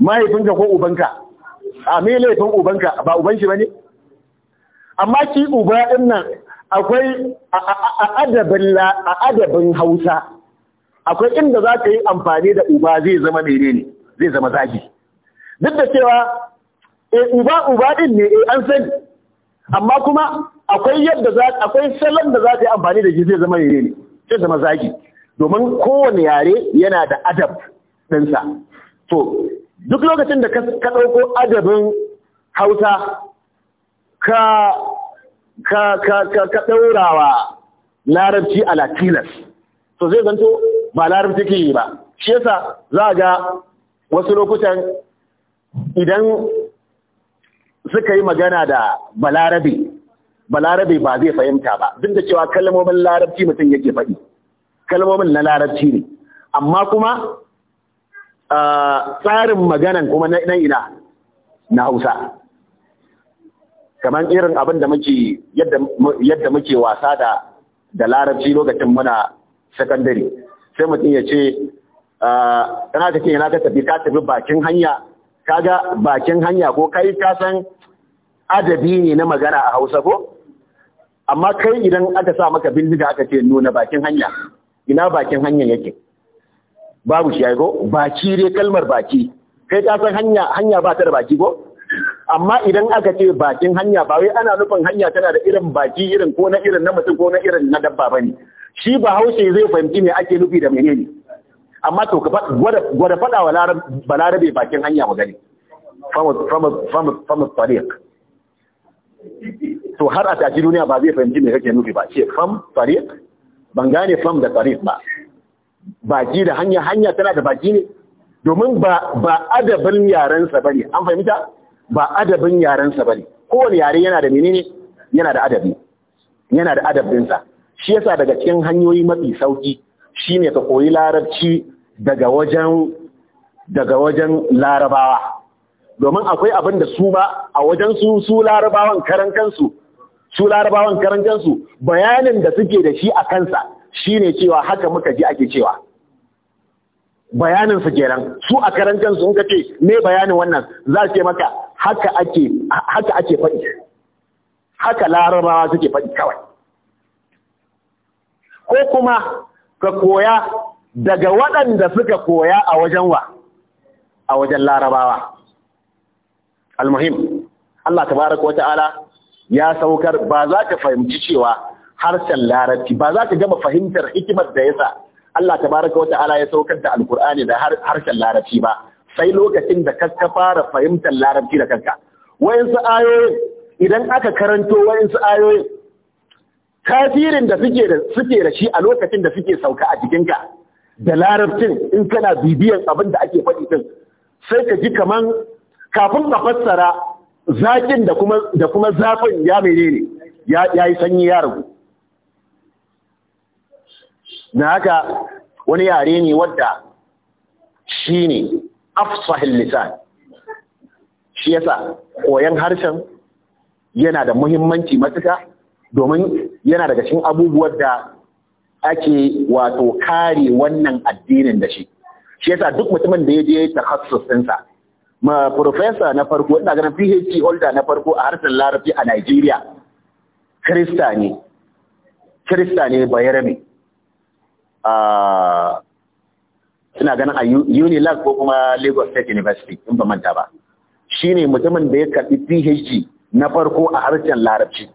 mahaifinka ko ubanka a me laifin ubanka ba uban shi ba ne amma ki uba ɗin nan akwai a adabin hausa akwai inda za ka yi amfani da uba zai zama menene zai zama zagi duk da cewa eh uba uba din ne eh an sani amma kuma akwai yadda za akwai salon da za ta yi amfani da shi zai zama yare ne zai zama zagi domin kowane yare yana da adab ɗinsa to duk lokacin da ka ɗauko adabin hausa ka ka ka ka ka ɗaurawa larabci a latinas to zai zanto ba larabci ke yi ba shi yasa za ga wasu lokutan idan suka yi magana da balarabe balarabe ba zai fahimta ba duk da cewa kalmomin larabci mutum yake faɗi kalmomin na larabci ne amma kuma tsarin maganan kuma na ina na hausa kamar irin abin da muke yadda muke wasa da da larabci lokacin muna sakandare sai mutum ya ce tana take yana ka tafi ka tafi bakin hanya kaga bakin hanya ko kai ka san adabi ne na magana a Hausa ko? Amma kai idan aka sa maka bindiga aka ce nuna bakin hanya, ina bakin hanya yake. Babu shi ko? Baki ne, kalmar baki. Kai ka san hanya hanya ba ta da baki ko? Amma idan aka ce bakin hanya ba wai ana nufin hanya tana da irin baki irin ko na irin na mutum ko na irin na dabba ne. Shi ba Hausa zai fahimci me ake nufi da menene. Amma to ka gwada faɗa wa balarabe bakin hanya magani. From a, from to har a tashi duniya ba zai fahimci me kake nufi ba ce fam tariq ban gane fam da tariq ba baki da hanya hanya tana da baki ne domin ba ba adabin yarensa bane an fahimta ba adabin yarensa bane kowane yare yana da menene yana da adabi yana da adabinsa shi yasa daga cikin hanyoyi mafi sauki shine ka koyi larabci daga wajen larabawa domin akwai abin da su ba a wajen su su larabawan karan kansu su larabawan karan kansu bayanin da suke da shi a kansa shine cewa haka muka ji ake cewa bayanin su kenan su a karan kansu in ka ce me bayanin wannan za su ce maka haka ake haka ake faɗi haka larabawa suke faɗi kawai ko kuma ka koya daga waɗanda suka koya a wajen wa a wajen larabawa almuhim Allah tabaraka wata'ala ya saukar ba za ka fahimci cewa harshen larabci ba za ka gama fahimtar hikimar da yasa Allah tabaraka wata'ala ya saukar da alkur'ani da harshen larabci ba sai lokacin da ka fara fahimtar larabci da kanka su ayoyin idan aka karanto su ayoyin tasirin da suke da suke da shi a lokacin da suke sauka a jikinka da larabcin in kana bibiyan abin da ake faɗi din sai ka ji kaman kafin a fassara zaƙin da kuma zafin ya menene ya yi sanyi ya ragu na haka wani yare ne wadda shi ne afsahin lisan shi yasa koyan harshen yana da muhimmanci matuka domin yana daga cikin abubuwan da ake wato kare wannan addinin da shi shi yasa duk mutumin da ya je ta ɗinsa ma professor na farko ina ganin PhD holder na farko a harshen Larabci a Nigeria Krista ne Krista ne Bayerme a ina ganin a Unilag ko kuma Lagos State University in ba manta ba shine mutumin da ya karbi PhD na farko a harshen Larabci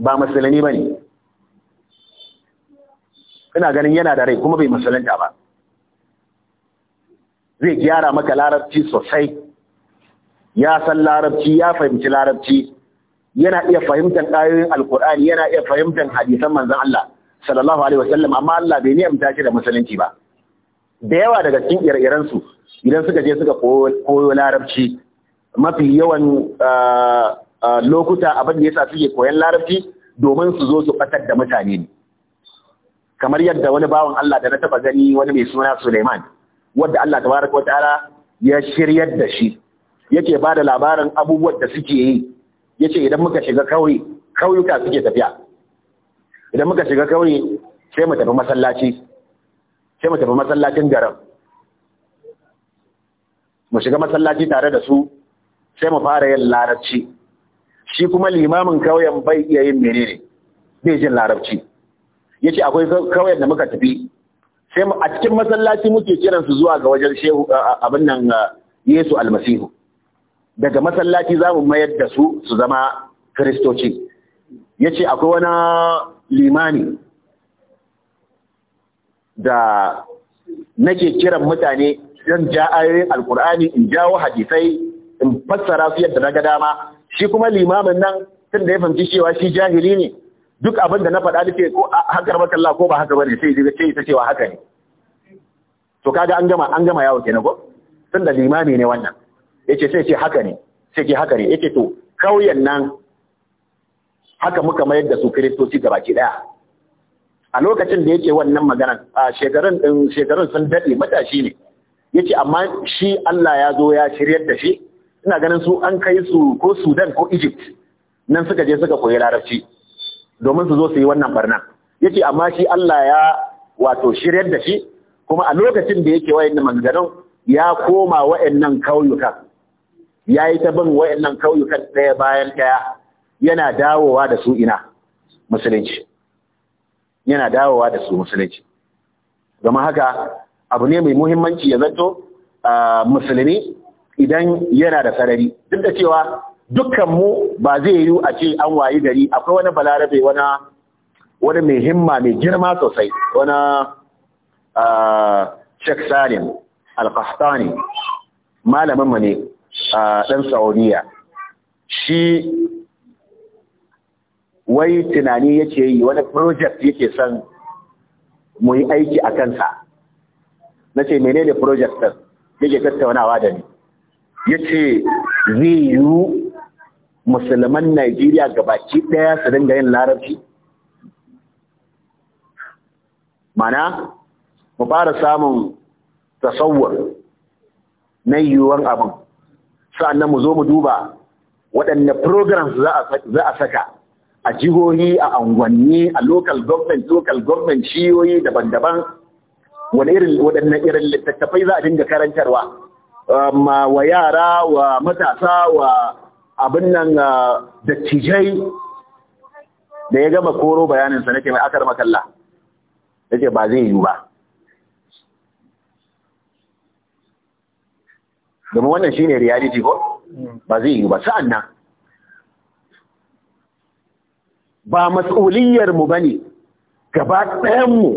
ba musulmi bane ina ganin yana da rai kuma bai musulunta ba zai gyara maka larabci sosai ya san larabci ya fahimci larabci yana iya fahimtar ayoyin alkur'ani yana iya fahimtar hadisan manzon Allah sallallahu alaihi wasallam amma Allah bai ni'amta shi da musulunci ba da yawa daga cikin ire-iren su idan suka je suka koyo larabci mafi yawan ah, ah, lokuta abin da yasa suke koyon larabci domin su zo su fatar da mutane kamar yadda wani bawan Allah da na taba gani wani mai suna Suleiman wadda Allah tabaraka wa ta'ala ya shiryar da shi yake ba da labarin abubuwan da suke yi yace idan muka shiga kauye kauyuka suke tafiya idan muka shiga kauye sai mu tafi masallaci sai mu tafi masallacin garin mu shiga masallaci tare da su sai mu fara yin larabci shi kuma limamin kauyen bai iya yin menene bai jin larabci yace akwai kauyen da muka tafi sai a cikin masallaci muke kiran su zuwa ga wajen shehu abin nan Yesu almasihu daga masallaci za mu mayar da su su zama kristoci yace akwai wani limani da nake kiran mutane zan ja ayoyin alkur'ani in jawo hadisai in fassara su yadda na ga dama shi kuma limamin nan tun da ya fahimci cewa shi jahili ne duk abin da na faɗa nake ko haka makalla ko ba haka bane sai ya ce ita cewa haka ne to kaga an gama an gama yawo kenan ko tun da limami ne wannan yace sai ce haka ne sai ce haka ne yace to kauyen nan haka muka mayar da su kristoci gabaki daya a lokacin da yake wannan magana a shekarun din shekarun sun dade matashi ne yace amma shi Allah ya zo ya shiryar da shi ina ganin su an kai su ko Sudan ko Egypt nan suka je suka koyi larabci domin su zo su yi wannan barna yace amma shi Allah ya wato shiryar da shi kuma a lokacin da yake wayannan maganganun ya koma wayannan kauyukan ya yi ta bin wayannan kauyukan ɗaya bayan ɗaya yana dawowa da su ina musulunci yana dawowa da su musulunci zama haka abu ne mai muhimmanci ya zato musulmi idan yana da sarari duk da cewa dukkan mu ba zai yiwu a ce an wayi gari akwai wani balarabe wani wani mai himma mai girma sosai wani Sheikh Salim Al-Qahtani malamin mu ne dan Saudiya shi wai tunani yake yi wani project yake son mu yi aiki a kansa nace menene project din yake tattaunawa da ni yace zai yiwu musulman Najeriya gabaki daya su dinga yin larabci mana mu fara samun tasawwur na yiwuwar abin sa'annan mu zo mu duba waɗanne programs za a saka a jihohi a angwanni a local government local government shiyoyi daban-daban waɗanne irin littattafai za a dinga karantarwa um, wa yara wa matasa wa abin nan uh, dattijai da ya gama koro bayaninsa ke mai akar makalla ke ba zai yiwu ba domin wannan shine reality ko hmm. ba zai yi ba sa'an nan ba mas'uliyar mu bane gaba ɗayan mu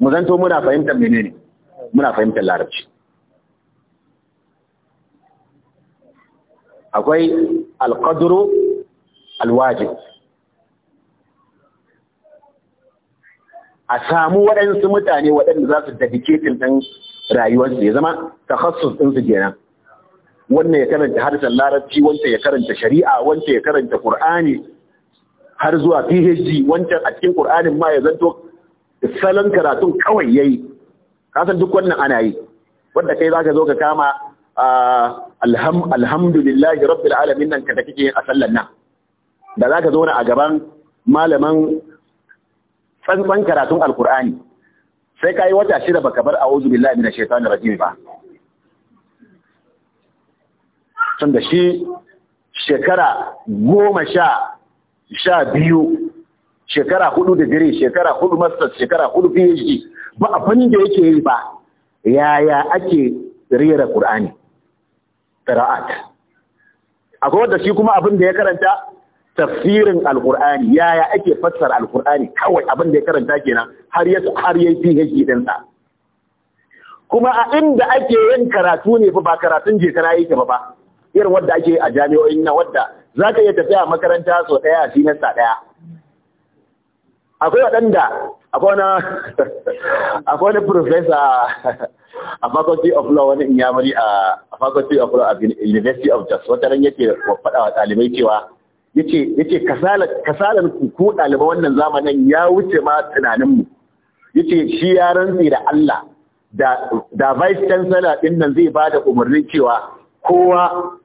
mu zanto muna fahimtar menene muna fahimtar larabci akwai alƙaduru alwajib a samu waɗansu mutane waɗanda za su dediketin ɗan rayuwarsu ya zama takhassus din su kenan wannan ya karanta harshen larabci wancan ya karanta shari'a wancan ya karanta qur'ani har zuwa PhD wancan a cikin qur'anin ma ya zanto salon karatun kawai yayi kasan duk wannan ana yi wanda kai zaka zo ka kama alhamdulillahi rabbil alamin nan kada kike a sallan nan da zaka zo a gaban malaman tsantsan karatun alkur'ani sai ka yi wata shida baka bar a wuzu billahi mina na rajim ba tun da shi shekara goma sha sha biyu shekara hudu da dire shekara hudu masters shekara hudu phd ba abin da yake yi ba yaya ake rera qur'ani qira'at akwai wanda shi kuma abin da ya karanta tafsirin alkur'ani yaya ake fassara alkur'ani kawai abin da ya karanta kenan har ya har yayi PhD din sa kuma a inda ake yin karatu ne fa ba karatun je kana yake ba ba irin wanda ake a jami'o'in na wanda zaka iya tafiya makaranta so daya a sa daya akwai waɗanda akwai wani akwai wani professor a faculty of law wani inyamari a faculty of law a university of justice wata ran yake faɗa wa ɗalibai cewa yace kasalar kasalar ku ko wannan zamanin ya wuce ma tunanin mu yace shi ya rantsi da Allah da vice chancellor ɗin nan zai bada umarnin cewa kowa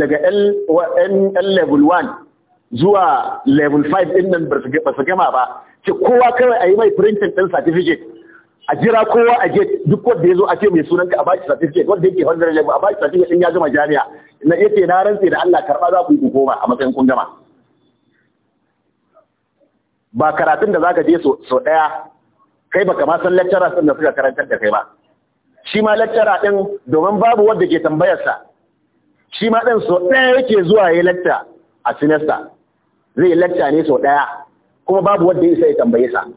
daga L level 1 zuwa level 5 ɗin nan ba su gama ba ce kowa kawai a yi mai printing ɗin certificate a jira kowa a je duk wanda ya zo a ce mai sunanka a bashi certificate wanda yake hundred level a bashi certificate din ya gama jami'a na yace na rantse da Allah karba za ku yi ku koma a matsayin kun gama ba karatun da zaka je so so daya kai baka ma san lecturer sun da suka karantar da kai ba shi ma lecturer din domin babu wanda ke tambayar sa shi ma din so daya yake zuwa yayin lecture a semester zai lecture ne so daya kuma babu wanda ya tambaye sa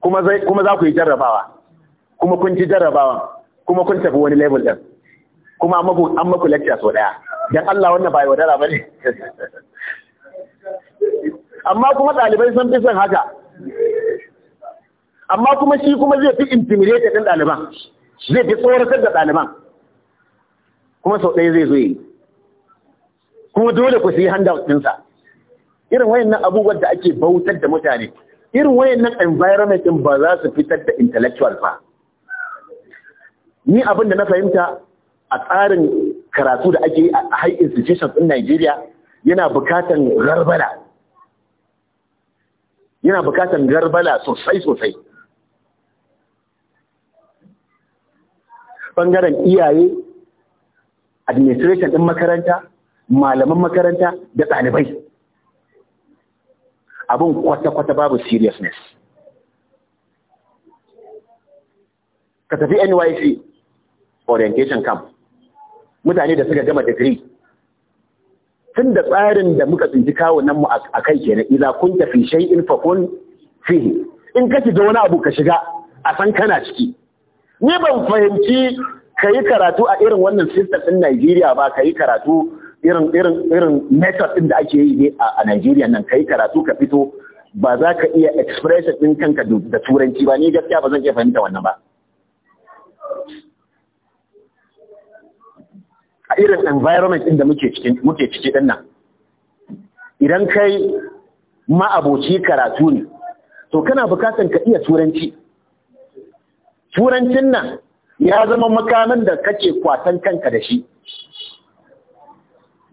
kuma za ku yi jarrabawa kuma kun ji jarrabawa kuma kun tafi wani level ɗin kuma an maku lecture sau ɗaya don Allah wannan ba yaudara ba ne amma kuma ɗalibai sun fi son haka amma kuma shi kuma zai fi intimidated ɗin ɗaliban zai fi tsoratar da ɗaliban kuma sau ɗaya zai zo yi kuma dole ku yi handout ɗinsa irin wayannan abubuwan da ake bautar da mutane irin wayannan environment din ba za su fitar da intellectual ba ni abin da na fahimta a tsarin karatu da ake a high institutions in Nigeria yana bukatan garbala yana bukatan garbala sosai sosai bangaren iyaye administration din makaranta malaman makaranta da ɗalibai abin kwata-kwata babu seriousness ka tafi NYC orientation camp mutane da suka gama digiri tun da tsarin da muka tsinci mu a kai kenan idan kun fi shay in kun fihi in ka shiga wani abu ka shiga a san kana ciki ni ban fahimci ka karatu a irin wannan system din Najeriya ba ka karatu irin irin irin method ɗin da ake yi a Najeriya nan ka karatu ka fito ba za ka iya express ɗin kanka da turanci ba ni gaskiya ba zan iya fahimta wannan ba irin environment ɗin da muke ciki ɗin nan idan kai ma'aboci karatu ne to kana bukatan ka iya turanci turancin nan ya zama makamin da kake kwatan kanka da shi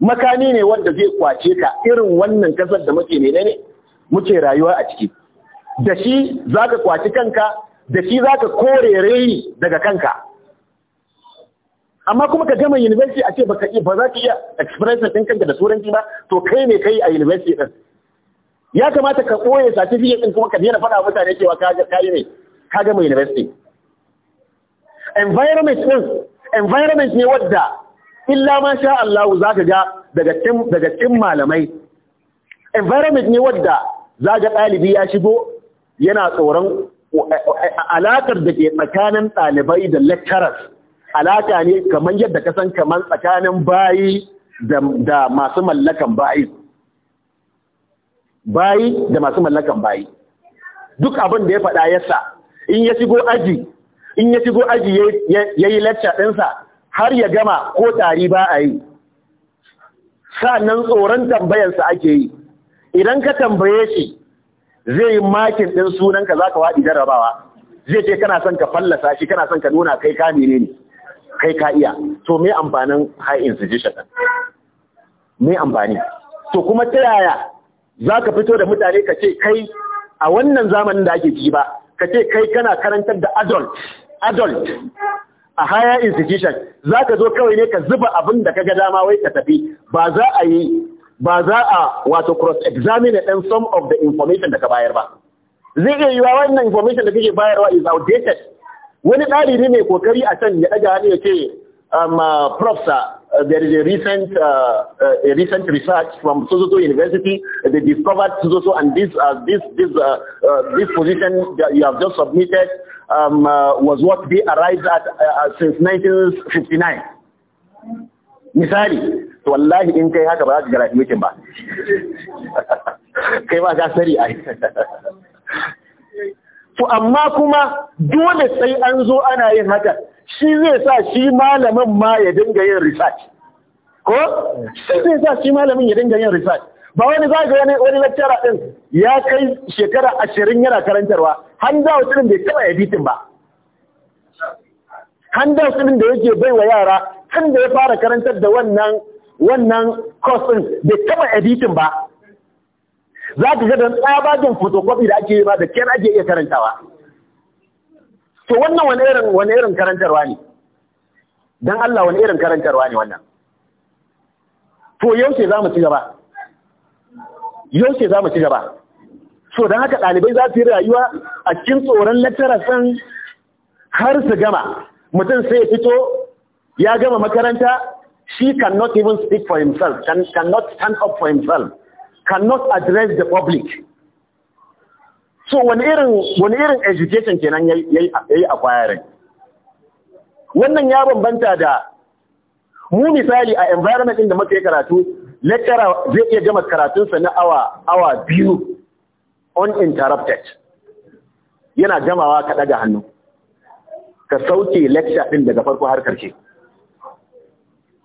makami ne wanda zai kwace ka irin wannan kasar da muke ne ne muke rayuwa a ciki da shi zaka kwaci kanka da shi zaka kore rai daga kanka amma kuma ka gama university a ce ba ka ba za ka iya expression ɗin kanka da turanci ba to kai ne kai a university ɗin ya kamata ka ɓoye certificate ɗin kuma ka daina faɗa mutane cewa ka yi ne ka gama university environment ɗin environment ne wadda illa ma sha Allah za ka ga daga cikin malamai environment ne wadda za ga ɗalibi ya shigo yana tsoron eh, eh, alakar da ke tsakanin ɗalibai da lecturers alaƙa ne kamar yadda ka san kamar tsakanin bayi da masu mallakan bayi bayi da masu mallakan bayi duk abin da ya faɗa sa, in ya shigo aji in ya shigo aji ya yi lacca ɗinsa har ya gama ko tari ba a yi sa'annan tsoron tambayarsa ake yi idan ka tambaye shi zai yi makin ɗin sunanka za ka waɗi jarrabawa zai ce kana son ka fallasa shi kana son ka nuna kai kamine ne kai ka iya to me amfanin high institution me amfani to kuma ta yaya ka fito da mutane ka ce kai a wannan zamanin da ake ciki ba ka ce kai kana karantar da adult adult a higher institution za ka zo kawai ne ka zuba abin da ka ga dama wai ka tafi ba za a yi ba za a wato cross-examine ɗan some of the information da ka bayar ba zai iya yiwa wannan information da kake bayarwa is outdated wani ɗalibi mai kokari a can ya ɗaga hannu ya ce um, uh, prof sir uh, there is a recent uh, uh a recent research from Sosoto University they discovered Sosoto and this uh, this this this position that you have just submitted um, was what they arrived at since 1959 misali to wallahi in kai haka ba za ka graduate ba kai ba ka sari ai to amma kuma dole sai an zo ana yin haka shi zai sa shi malamin ma ya dinga yin research ko shi zai sa shi malamin ya dinga yin research ba wani za ga wani lecturer din ya kai shekara ashirin yana karantarwa handout din bai taba editing ba su din da yake baiwa yara tun da ya fara karantar da wannan wannan course din bai taba editing ba za ka ga da tsabagen photocopy da ake yi ba da kyan ake iya karantawa to wannan wani irin wani irin karantarwa ne Don Allah wani irin karantarwa ne wannan to yaushe za mu ci gaba ce za mu ci gaba so don haka ɗalibai za su yi rayuwa a cikin tsoron san har su gama mutum sai fito ya gama makaranta she cannot even speak for himself can, cannot stand up for himself cannot address the public so wani irin wani education kenan yayi a acquiring wannan ya bambanta da mu misali a environment ɗin da muka yi karatu lecturer zai iya gama karatunsa na awa awa biyu uninterrupted yana gamawa ka daga hannu ka sauke lecture ɗin daga farko har karshe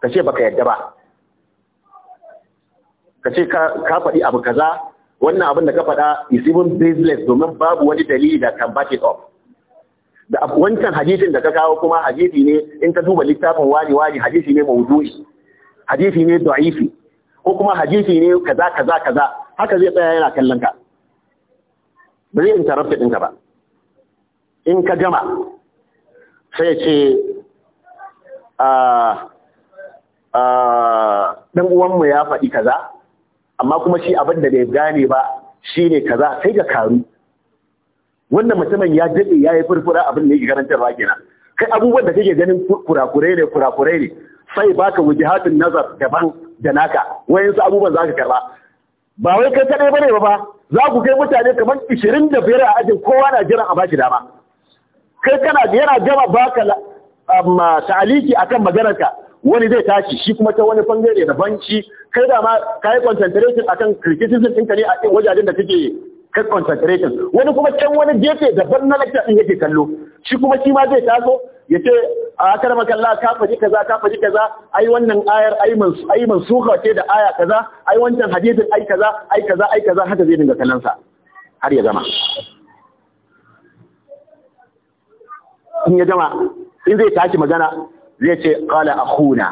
ka ce baka yadda ba ka ce ka faɗi abu kaza wannan abin da ka faɗa is even baseless domin babu wani dalili da can back it up da wancan hadisin da ka kawo kuma hadisi ne in ka duba littafin wani wani hadisi ne mawdu'i hadisi ne da'ifi ko kuma hadisi ne kaza kaza kaza haka zai tsaya yana kallon ka ba zai interrupt ɗinka ba in ka gama sai ya ce ah, ah, ɗan uwanmu ya faɗi kaza amma kuma shi abin da bai gane ba shi ne kaza sai ga karu wannan mutumin ya daɗe ya yi furfura abin da yake karantarwa kenan kai abubuwan da kake ganin kurakurai ne kurakurai ne sai baka hatin nazar daban da naka wayansu abubuwan za ka karba ba wai kai kadai bane ba ba za ku kai mutane kamar biyar a ajin kowa na jiran a bashi dama kai kana yana gama baka amma ta'aliki akan maganarka wani zai tashi shi kuma ta wani bangare da banci kai da ma kai concentration akan criticism ka ne a wajajen da kake kai concentration wani kuma can wani gefe daban na lecture din yake kallo shi kuma shi ma zai taso ya ce a kar makalla ka faɗi kaza ka faɗi kaza ai wannan ayar ai mansu ai mansuka ce da aya kaza ai wancan hadisin ai kaza ai kaza ai kaza haka zai dinga kallon sa har ya gama in ya gama in zai tashi magana zai ce a huna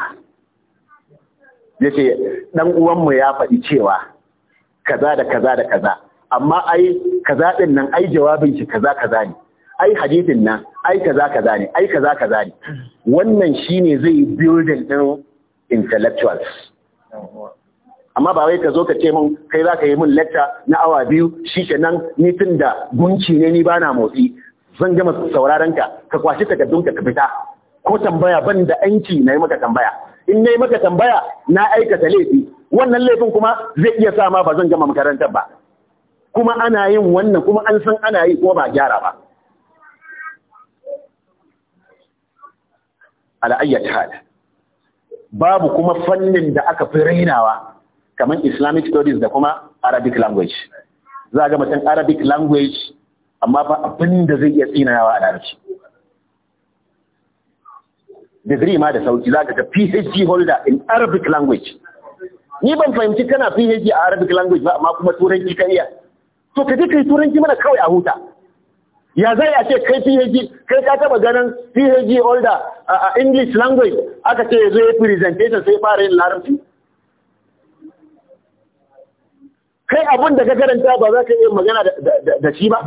zai ce dan uwanmu ya faɗi cewa kaza da kaza da kaza amma ai kaza ɗin nan ai jawabin shi kaza kaza ne ai hadisin nan ai kaza kaza ne ai kaza kaza ne wannan shine zai yi building ɗin intellectuals amma ba wai ka zo ka ce mun kai za ka yi mun lecture na awa biyu shi nan. ni tun da gunci ne ni bana motsi zan gama sauraron ka ka kwashi takardun ka fita ko tambaya ban da yanci na yi maka tambaya in na yi maka tambaya na aikata laifi wannan laifin kuma zai iya sa ma ba zan gama makarantar ba kuma ana yin wannan kuma an san ana yi ko ba gyara ba al'ayyar hada babu kuma fannin da aka fi rainawa kamar islamic studies da kuma arabic language za a gama can arabic language amma ba abin da zai iya tsinawa a larabci degree ma da sauki za ka ga PhD holder in Arabic language. Ni ban fahimci kana PhD a Arabic language ba amma kuma turanci ka iya. To ka je kai turanci mana kawai a huta. Ya zai a ce kai PhD kai ka taba ganin PhD holder a English language aka ce zo ya presentation sai fara yin larabci. Kai abin da ka karanta ba za ka iya magana da shi ba.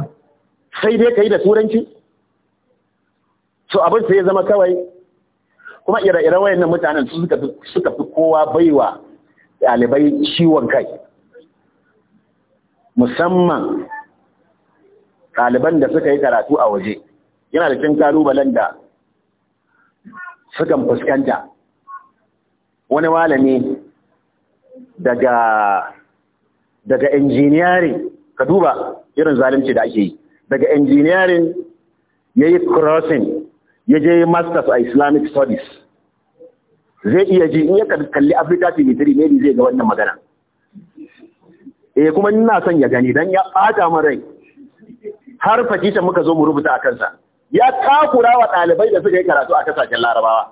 Sai dai ka yi da turanci. So abin sai ya zama kawai kuma ire ire wayannan mutanen su suka fi kowa baiwa ɗalibai ciwon kai musamman ɗaliban da suka yi karatu a waje yana da cin kalubalen da sukan fuskanta wani malami daga daga engineering ka duba irin zalunci da ake yi daga engineering yayi crossing ya je masters a islamic studies zai iya ji in ya kalli africa tv 3 maybe zai ga wannan magana eh kuma ina son ya gani don ya bata min rai har fakishan muka zo mu rubuta a kansa ya takura wa ɗalibai da suka yi karatu a kasashen larabawa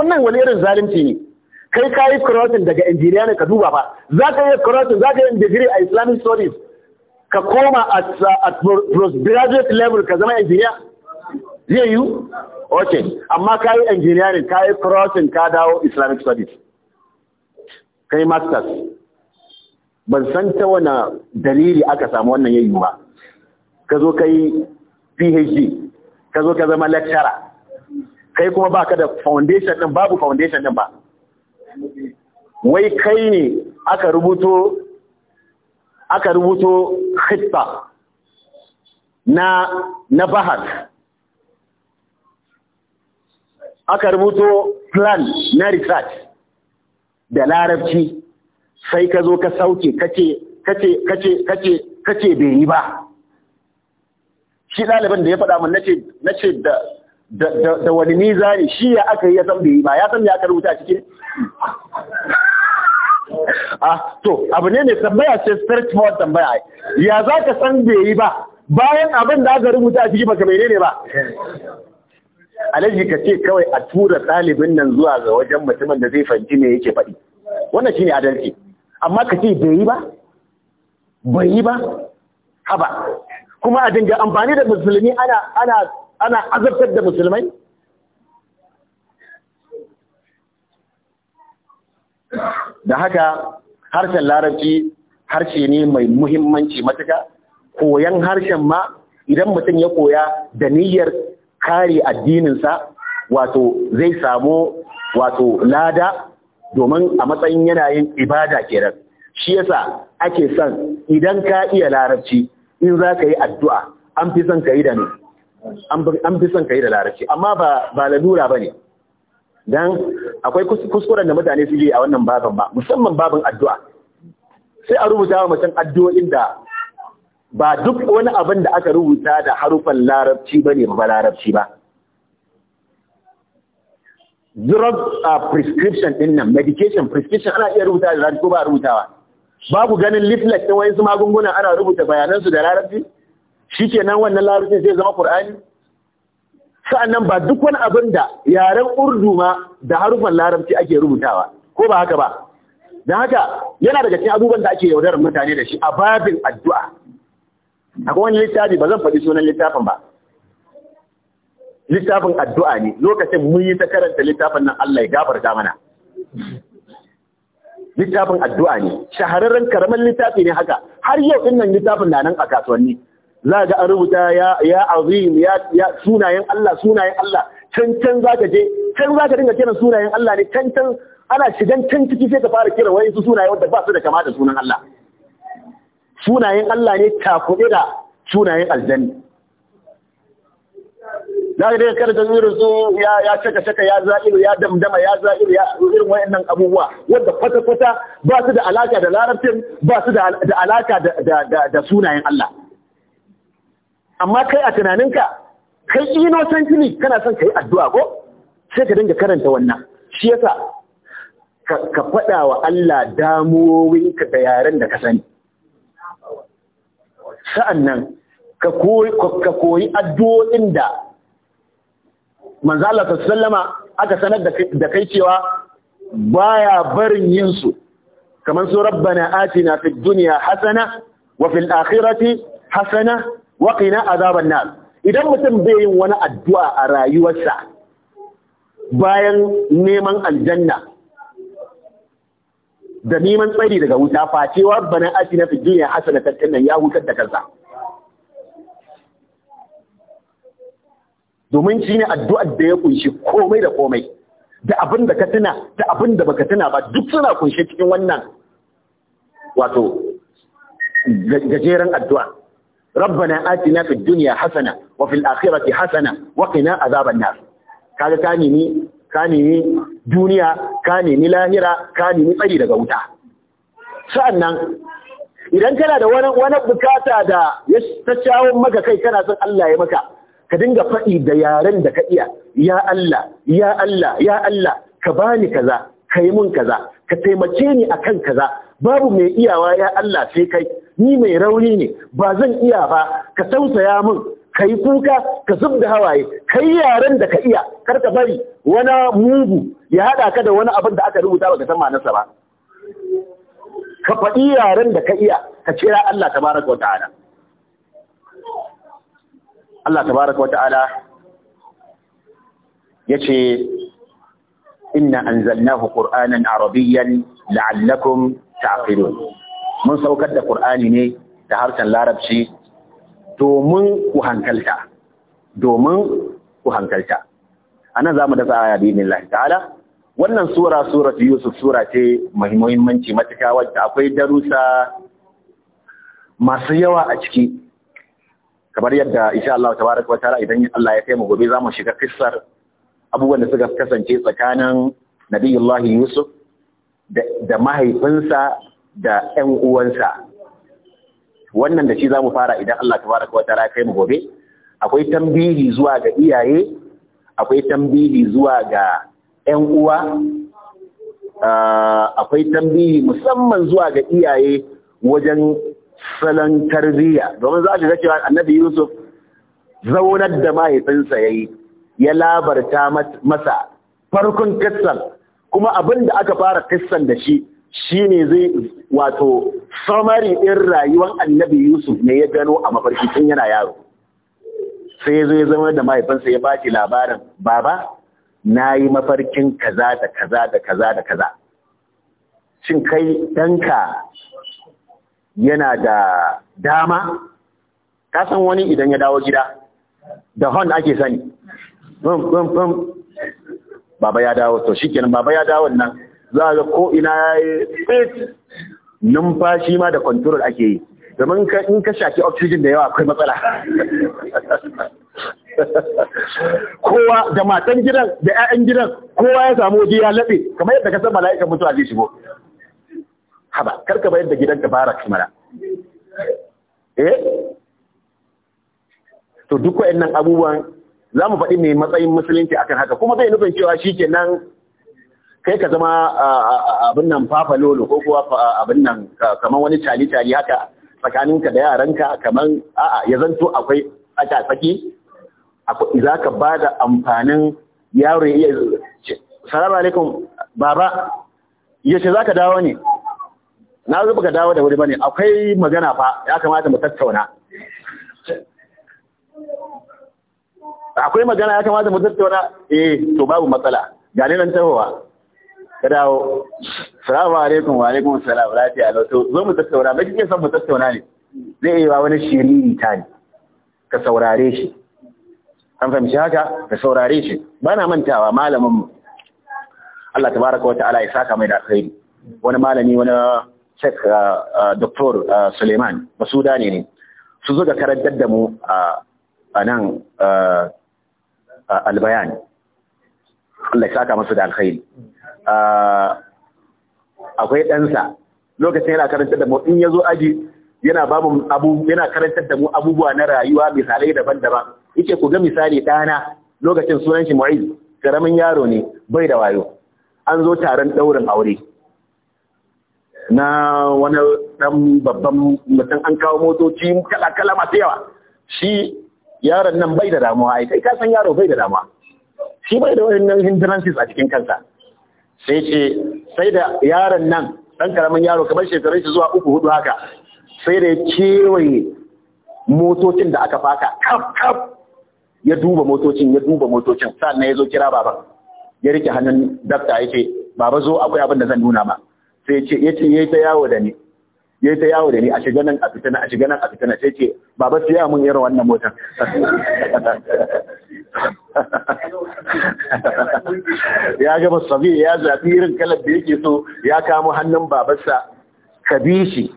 wannan wani irin zalunci ne kai ka yi karatun daga injiniya ne ka duba ba za ka yi karatun za ka yi digiri a islamic studies ka koma a postgraduate level ka zama injiniya zai yi ok amma ka yi engineering ka yi crossing ka dawo islamic studies ka yi masters ban san ta wani dalili aka samu wannan yayi ba ka zo ka yi phd ka zo ka zama lecturer kai kuma ba ka da foundation din babu foundation din ba wai kai ne aka rubuto aka rubuto khitba na na bahar aka rubuto plan na research da larabci sai ka zo ka sauke kace kace kace kace kace bai yi ba shi ɗaliban da ya faɗa min nace nace da da wani mizani shi ya aka yi ya san bai yi ba ya san ya aka rubuta cikin ah to abu ne mai tambaya sai search for tambaya ya za ka san bai yi ba bayan abin da aka rubuta a ciki baka menene ba alaji ka ce kawai a tura ɗalibin nan zuwa ga wajen mutumin da zai fahimci me yake faɗi wannan shine adalci amma ka ce bai yi ba bai yi ba haba kuma a dinga amfani da musulmi ana ana ana azabtar da musulmai da haka harshen larabci harshe ne mai muhimmanci matuka koyan harshen ma idan mutum ya koya da niyyar kare addininsa wato zai samu wato lada domin a matsayin yanayin ibada kenan shi yasa ake son idan ka iya larabci in za ka yi addu'a an fi son ka yi da ne an fi son ka yi da larabci amma ba lalura ba ne don akwai kuskuren da mutane su yi a wannan babin ba musamman babin addu'a sai a rubuta wa mutum addu'o'in da ba duk wani abin da aka rubuta da harufan larabci ba ne ba larabci ba. Drug prescription ɗin nan, medication prescription ana iya rubuta da larabci ko ba rubutawa. Babu ganin leaflet ɗin wayansu magunguna ana rubuta bayanansu da larabci? Shi ke nan wannan larabci zai zama Kur'ani? nan ba duk wani abin da yaren Urdu ma da harufan larabci ake rubutawa, ko ba haka ba? Da haka yana daga cikin abubuwan da ake yaudarar mutane da shi a babin addu'a. akwai wani littafi ba zan faɗi sunan littafin ba littafin addu'a ne lokacin mun yi ta karanta littafin nan Allah ya gafarta mana littafin addu'a ne shahararren karamin littafi ne haka har yau din nan littafin na nan a kasuwanni za ga an rubuta ya ya azim ya ya sunayen Allah sunayen Allah can can za ka je can za ka dinga kiran sunayen Allah ne can can ana shigan can ciki sai ka fara kira wani su sunaye wanda ba su da kama da sunan Allah sunayen Allah ne takuɗe da sunayen aljanni. za ka daga karatun irin su ya caka-caka ya za'iru ya damdama ya za'iru ya irin wayannan abubuwa wadda kwata-kwata ba su da alaka da larabcin ba su da alaka da sunayen Allah amma kai a tunaninka kai ino sankili kana son ka yi addu'a ko sai ka dinga karanta wannan shi yasa ka faɗa wa Allah damuwowinka da yaren da ka sani sa'annan ka koyi addu'o'in da manzo sallama aka sanar da kai cewa baya barin yin su kamar su rabbana atina fid dunya hasana wa fil akhirati hasana wa qina azaban nar idan mutum bai yi wani addu'a a rayuwarsa bayan neman aljanna da neman tsari daga wuta facewa bana ati na fiddu ya hasana tattalin ya hutar da kansa domin shi ne addu'ar da ya kunshi komai da komai da abin da ka tuna da abin da baka tuna ba duk suna kunshi cikin wannan wato gajeren addu'a rabbana na fid dunya hasana wa fil hasana wa qina azaban nar kaga ka nemi ka nemi duniya ka nemi lahira ka nemi tsari daga wuta sa'annan idan kana da wani wani bukata da ya ta maka kai kana son Allah ya maka ka dinga faɗi da yaren da ka iya ya Allah ya Allah ya Allah ka bani kaza ka yi mun kaza ka taimake ni akan kaza babu mai iyawa ya Allah sai kai ni mai rauni ne ba zan iya ba ka tausaya mun ka yi kuka ka zub da hawaye ka yi yaren da ka iya kar ka bari wani mugu ya haɗa ka da wani abin da aka rubuta baka san ma'anarsa ba ka faɗi yaren da ka iya ka kira Allah tabaraka wa ta'ala Allah tabaraka wa ta'ala yace inna anzalnahu qur'anan arabiyyan la'allakum ta'qilun mun saukar da qur'ani ne da harshen larabci domin ku hankalta domin ku hankalta anan zamu da tsaya bi billahi ta'ala wannan sura suratu yusuf sura ce mai muhimmanci matuka wacce akwai darusa masu yawa a ciki kamar yadda insha Allah tabaraka wa ta'ala idan Allah ya kai mu gobe zamu shiga kissar abubuwan da suka kasance tsakanin nabiyullahi yusuf da mahaifinsa da ƴan uwansa wannan da shi zamu fara idan Allah tabaraka wa ta'ala ya kai mu gobe akwai tambihi zuwa ga iyaye akwai tambihi zuwa ga 'yan uwa ah, akwai tambihi musamman zuwa ga iyaye wajen salon tarbiyya domin za ka cewa annabi yusuf zaunar da mahaifinsa ya yi ya labarta masa farkon kissan kuma abin da aka fara kissan da shi shi ne zai wato samari ɗin rayuwar annabi yusuf ne ya gano a mafarki tun yana yaro sai zai zo ya zama da mahaifinsa ya bashi labarin baba na yi mafarkin kaza da kaza da kaza da kaza shin kai danka yana da dama ka san wani idan ya dawo gida da hon ake sani bum bum bum baba ya dawo to shikenan baba ya dawo nan za ga ko ina yi fit numfashi ma da control ake yi domin in ka shaki oxygen da yawa akwai matsala kowa da matan gidan da 'ya'yan gidan kowa ya samu waje ya laɓe kamar yadda ka san mala'ikan mutuwa zai shigo haba karka bayar da ka fara kamara eh to duk waɗannan abubuwan za mu faɗi mai matsayin musulunci akan haka kuma zai nufin cewa shi ke nan kai ka zama abin nan fafa lolo ko kuwa abin nan kamar wani cali-cali haka tsakaninka da yaranka kamar a'a ya zanto akwai tsaka tsaki za ka ba da amfanin yaro ya salamu alaikum baba yaushe za ka dawo ne na zuba ka dawo da wuri bane akwai magana fa ya kamata mu tattauna akwai magana ya kamata mu tattauna eh to babu matsala ga nan tahowa ka dawo salamu alaikum wa alaikum salam lafiya lau to zo mu tattauna ba kike son mu tattauna ne zai yi wa wani shiriri ta ne ka saurare shi an fahimci haka ka saurare shi ba na mantawa malamin mu Allah tabaraka wa ta'ala ya saka mai da alkhairi wani malami wani uh, Sheikh uh, uh, Dr. Suleiman Masuda ne ne su zo da karantar da mu a nan albayani Allah ya saka masu da alkhairi Ah, akwai ɗansa lokacin yana karantar da mu in ya zo aji yana ba abu yana karantar da mu abubuwa na rayuwa misalai daban-daban yake ku ga misali ɗana lokacin sunan shi Mu'iz karamin yaro ne bai da wayo an zo taron ɗaurin aure na wani ɗan babban mutum an kawo motoci kala-kala masu yawa shi yaron nan bai da damuwa ai kai ka san yaro bai da damuwa shi bai da wani hindrances a cikin kansa sai ce sai da yaron nan ɗan karamin yaro kamar shekarun shi zuwa uku hudu haka sai da ya kewaye motocin da aka faka kaf kaf ya duba motocin ya duba motocin sannan ya zo kira baban ya rike hannun dakta ya ce baba zo akwai abin da zan nuna ma sai ce ya ce yayi ta yawo da ni yayi ta yawo da ni a shiga nan a fita a shiga nan a fita sai ce baba siya mun irin wannan motar ya gaba sabi ya zaɓi irin kalar da yake so ya kamo hannun babarsa ka bi shi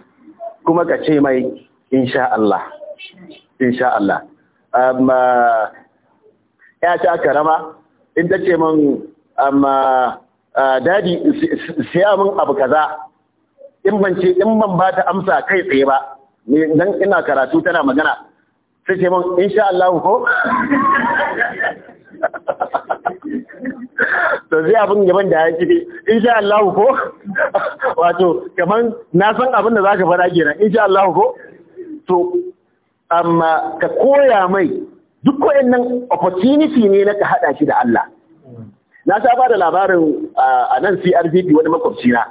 kuma ka ce mai insha Allah insha Allah amma ya ta karama in ta ce min amma dadi siya min abu kaza in ban ce in ban ba ta amsa kai tsaye ba nan ina karatu tana magana sai ce min insha Allah ko to zai abin gaban da ya kiɗe insha Allah ko wato kaman na san abin da zaka faɗa kenan insha Allah ko to amma ka koya mai duk wayannan opportunity ne na ka haɗa shi da Allah na sa ba da labarin a nan CRVP wani makwabci na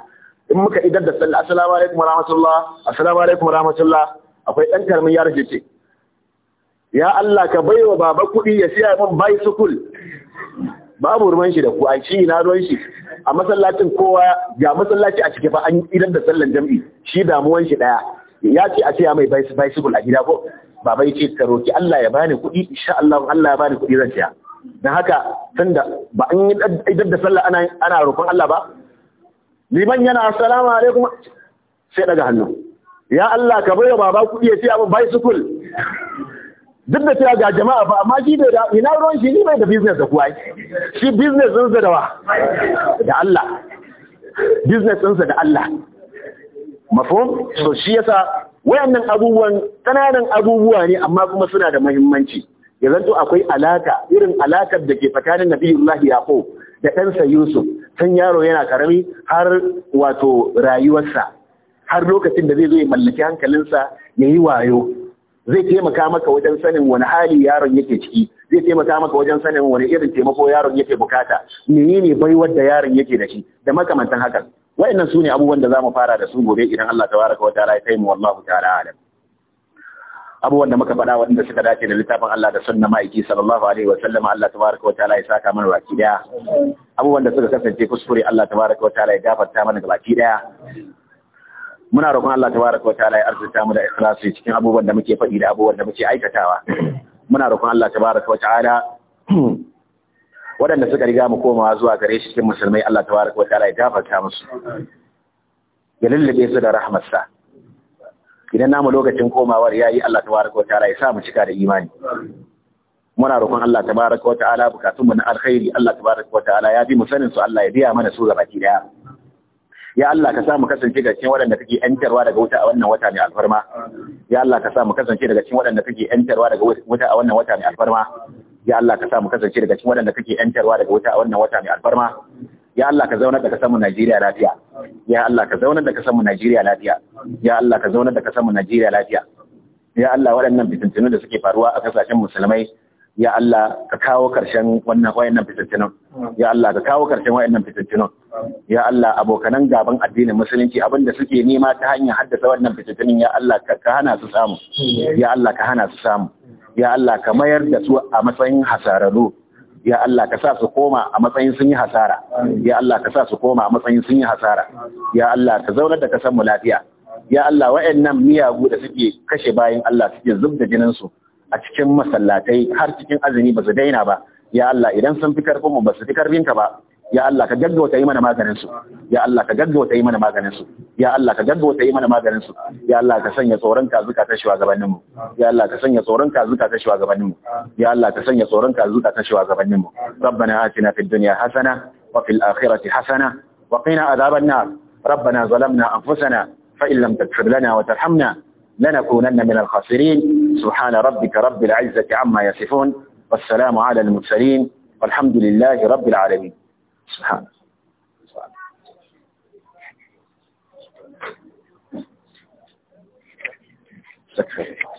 in muka idar da sallah assalamu alaikum wa rahmatullah assalamu alaikum wa rahmatullah akwai ɗan karamin yaro ce ya Allah ka baiwa baba kuɗi ya siya min bicycle babu ruwan shi da ku an shi na ruwan shi a masallacin kowa ga masallaci a cike fa an idan da sallan jam'i shi damuwan shi daya ya ce a siya mai bicycle a gida ko baba yace ka roki Allah ya bani kuɗi insha Allah Allah ya bani kuɗi zan siya dan haka tunda ba an yi idan da sallah ana ana roƙon Allah ba liman yana assalamu alaikum sai daga hannu ya Allah ka baiwa baba kuɗi ya siya min bicycle duk da cewa ga jama'a ba amma shi da ina ruwan shi ne mai da business da kuwa shi business ɗinsa da wa da Allah business sa da Allah mafhum so shi yasa wayannan abubuwan ƙananan abubuwa ne amma kuma suna da muhimmanci ya zanto akwai alaka irin alakar da ke tsakanin Nabiyullahi Yaqub da ɗansa Yusuf san yaro yana karami har wato rayuwarsa har lokacin da zai zo ya mallaki hankalinsa ya yi wayo zai taimaka maka wajen sanin wani hali yaron yake ciki zai taimaka maka wajen sanin wani irin taimako yaron yake bukata menene baiwar da yaron yake da shi da makamantan hakan wa'annan su ne abubuwan da zamu fara da su gobe idan Allah tabaraka wa ta'ala ya kai mu wallahu ta'ala alam abubuwan da muka faɗa waɗanda suka dace da littafin Allah da sunna ma'aiki sallallahu alaihi wa sallam Allah tabaraka wa ta'ala ya saka mana baki daya abubuwan da suka kasance kuskure Allah tabaraka wa ta'ala ya gafarta mana baki daya muna roƙon Allah tabaraka wa ta'ala ya arzuta mu da ikhlasi cikin abubuwan da muke faɗi da abubuwan da muke aikatawa muna roƙon Allah tabaraka wa ta'ala waɗanda suka riga mu komawa zuwa gare shi cikin musulmai Allah tabaraka wa ta'ala ya gafarta musu ya lullube su da rahmatsa idan namu lokacin komawar yayi Allah tabaraka wa ta'ala ya sa mu cika da imani muna roƙon Allah tabaraka wa ta'ala mu na alkhairi Allah tabaraka wa ta'ala ya bi mu sanin su Allah ya biya mana su gaba ki daya ya Allah ka samu kasance daga cikin waɗanda kake yantarwa daga wuta a wannan wata mai alfarma ya Allah ka samu kasance daga cikin waɗanda kake yantarwa daga wuta a wannan wata mai alfarma ya Allah ka samu kasance daga cikin waɗanda kake yantarwa daga wuta a wannan wata mai alfarma ya Allah ka zaunar da ka samu Najeriya lafiya ya Allah ka zaunar da ka samu Najeriya lafiya ya Allah ka zaunar da ka samu Najeriya lafiya ya Allah waɗannan fitintunu da suke faruwa a kasashen musulmai ya Allah ka kawo karshen wannan wayannan fitattunan ya Allah ka kawo karshen wayannan fitattunan ya Allah abokanan gaban addinin musulunci abinda suke nema ta hanyar haddasa wannan fitattunan ya Allah ka hana su samu ya Allah ka hana su samu ya Allah ka mayar da su a matsayin hasararru ya Allah ka sa su koma a matsayin sun yi hasara ya Allah ka sa su koma a matsayin sun yi hasara ya Allah ka zaunar da kasan mu lafiya ya Allah wayannan miyagu da suke kashe bayin Allah suke zubda jinin su a cikin masallatai har cikin azumi ba su daina ba ya Allah idan sun fi karfin mu ba su fi karfin ka ba ya Allah ka gaggauta yi mana maganin su ya Allah ka gaggauta yi mana maganin su ya Allah ka gaggauta yi mana maganin su ya Allah ka sanya tsoron ka zuka ta shiwa gabanin mu ya Allah ka sanya tsoron ka zuka ta shiwa gabanin mu ya Allah ka sanya tsoron ka zuka ta shiwa gabanin mu rabbana atina fid dunya hasana wa fil akhirati hasana wa qina adhaban nar rabbana ربنا ظلمنا أنفسنا فإن لم تغفر لنا وترحمنا لنكونن من الخاسرين سبحان ربك رب العزة عما يصفون والسلام على المرسلين والحمد لله رب العالمين سبحان الله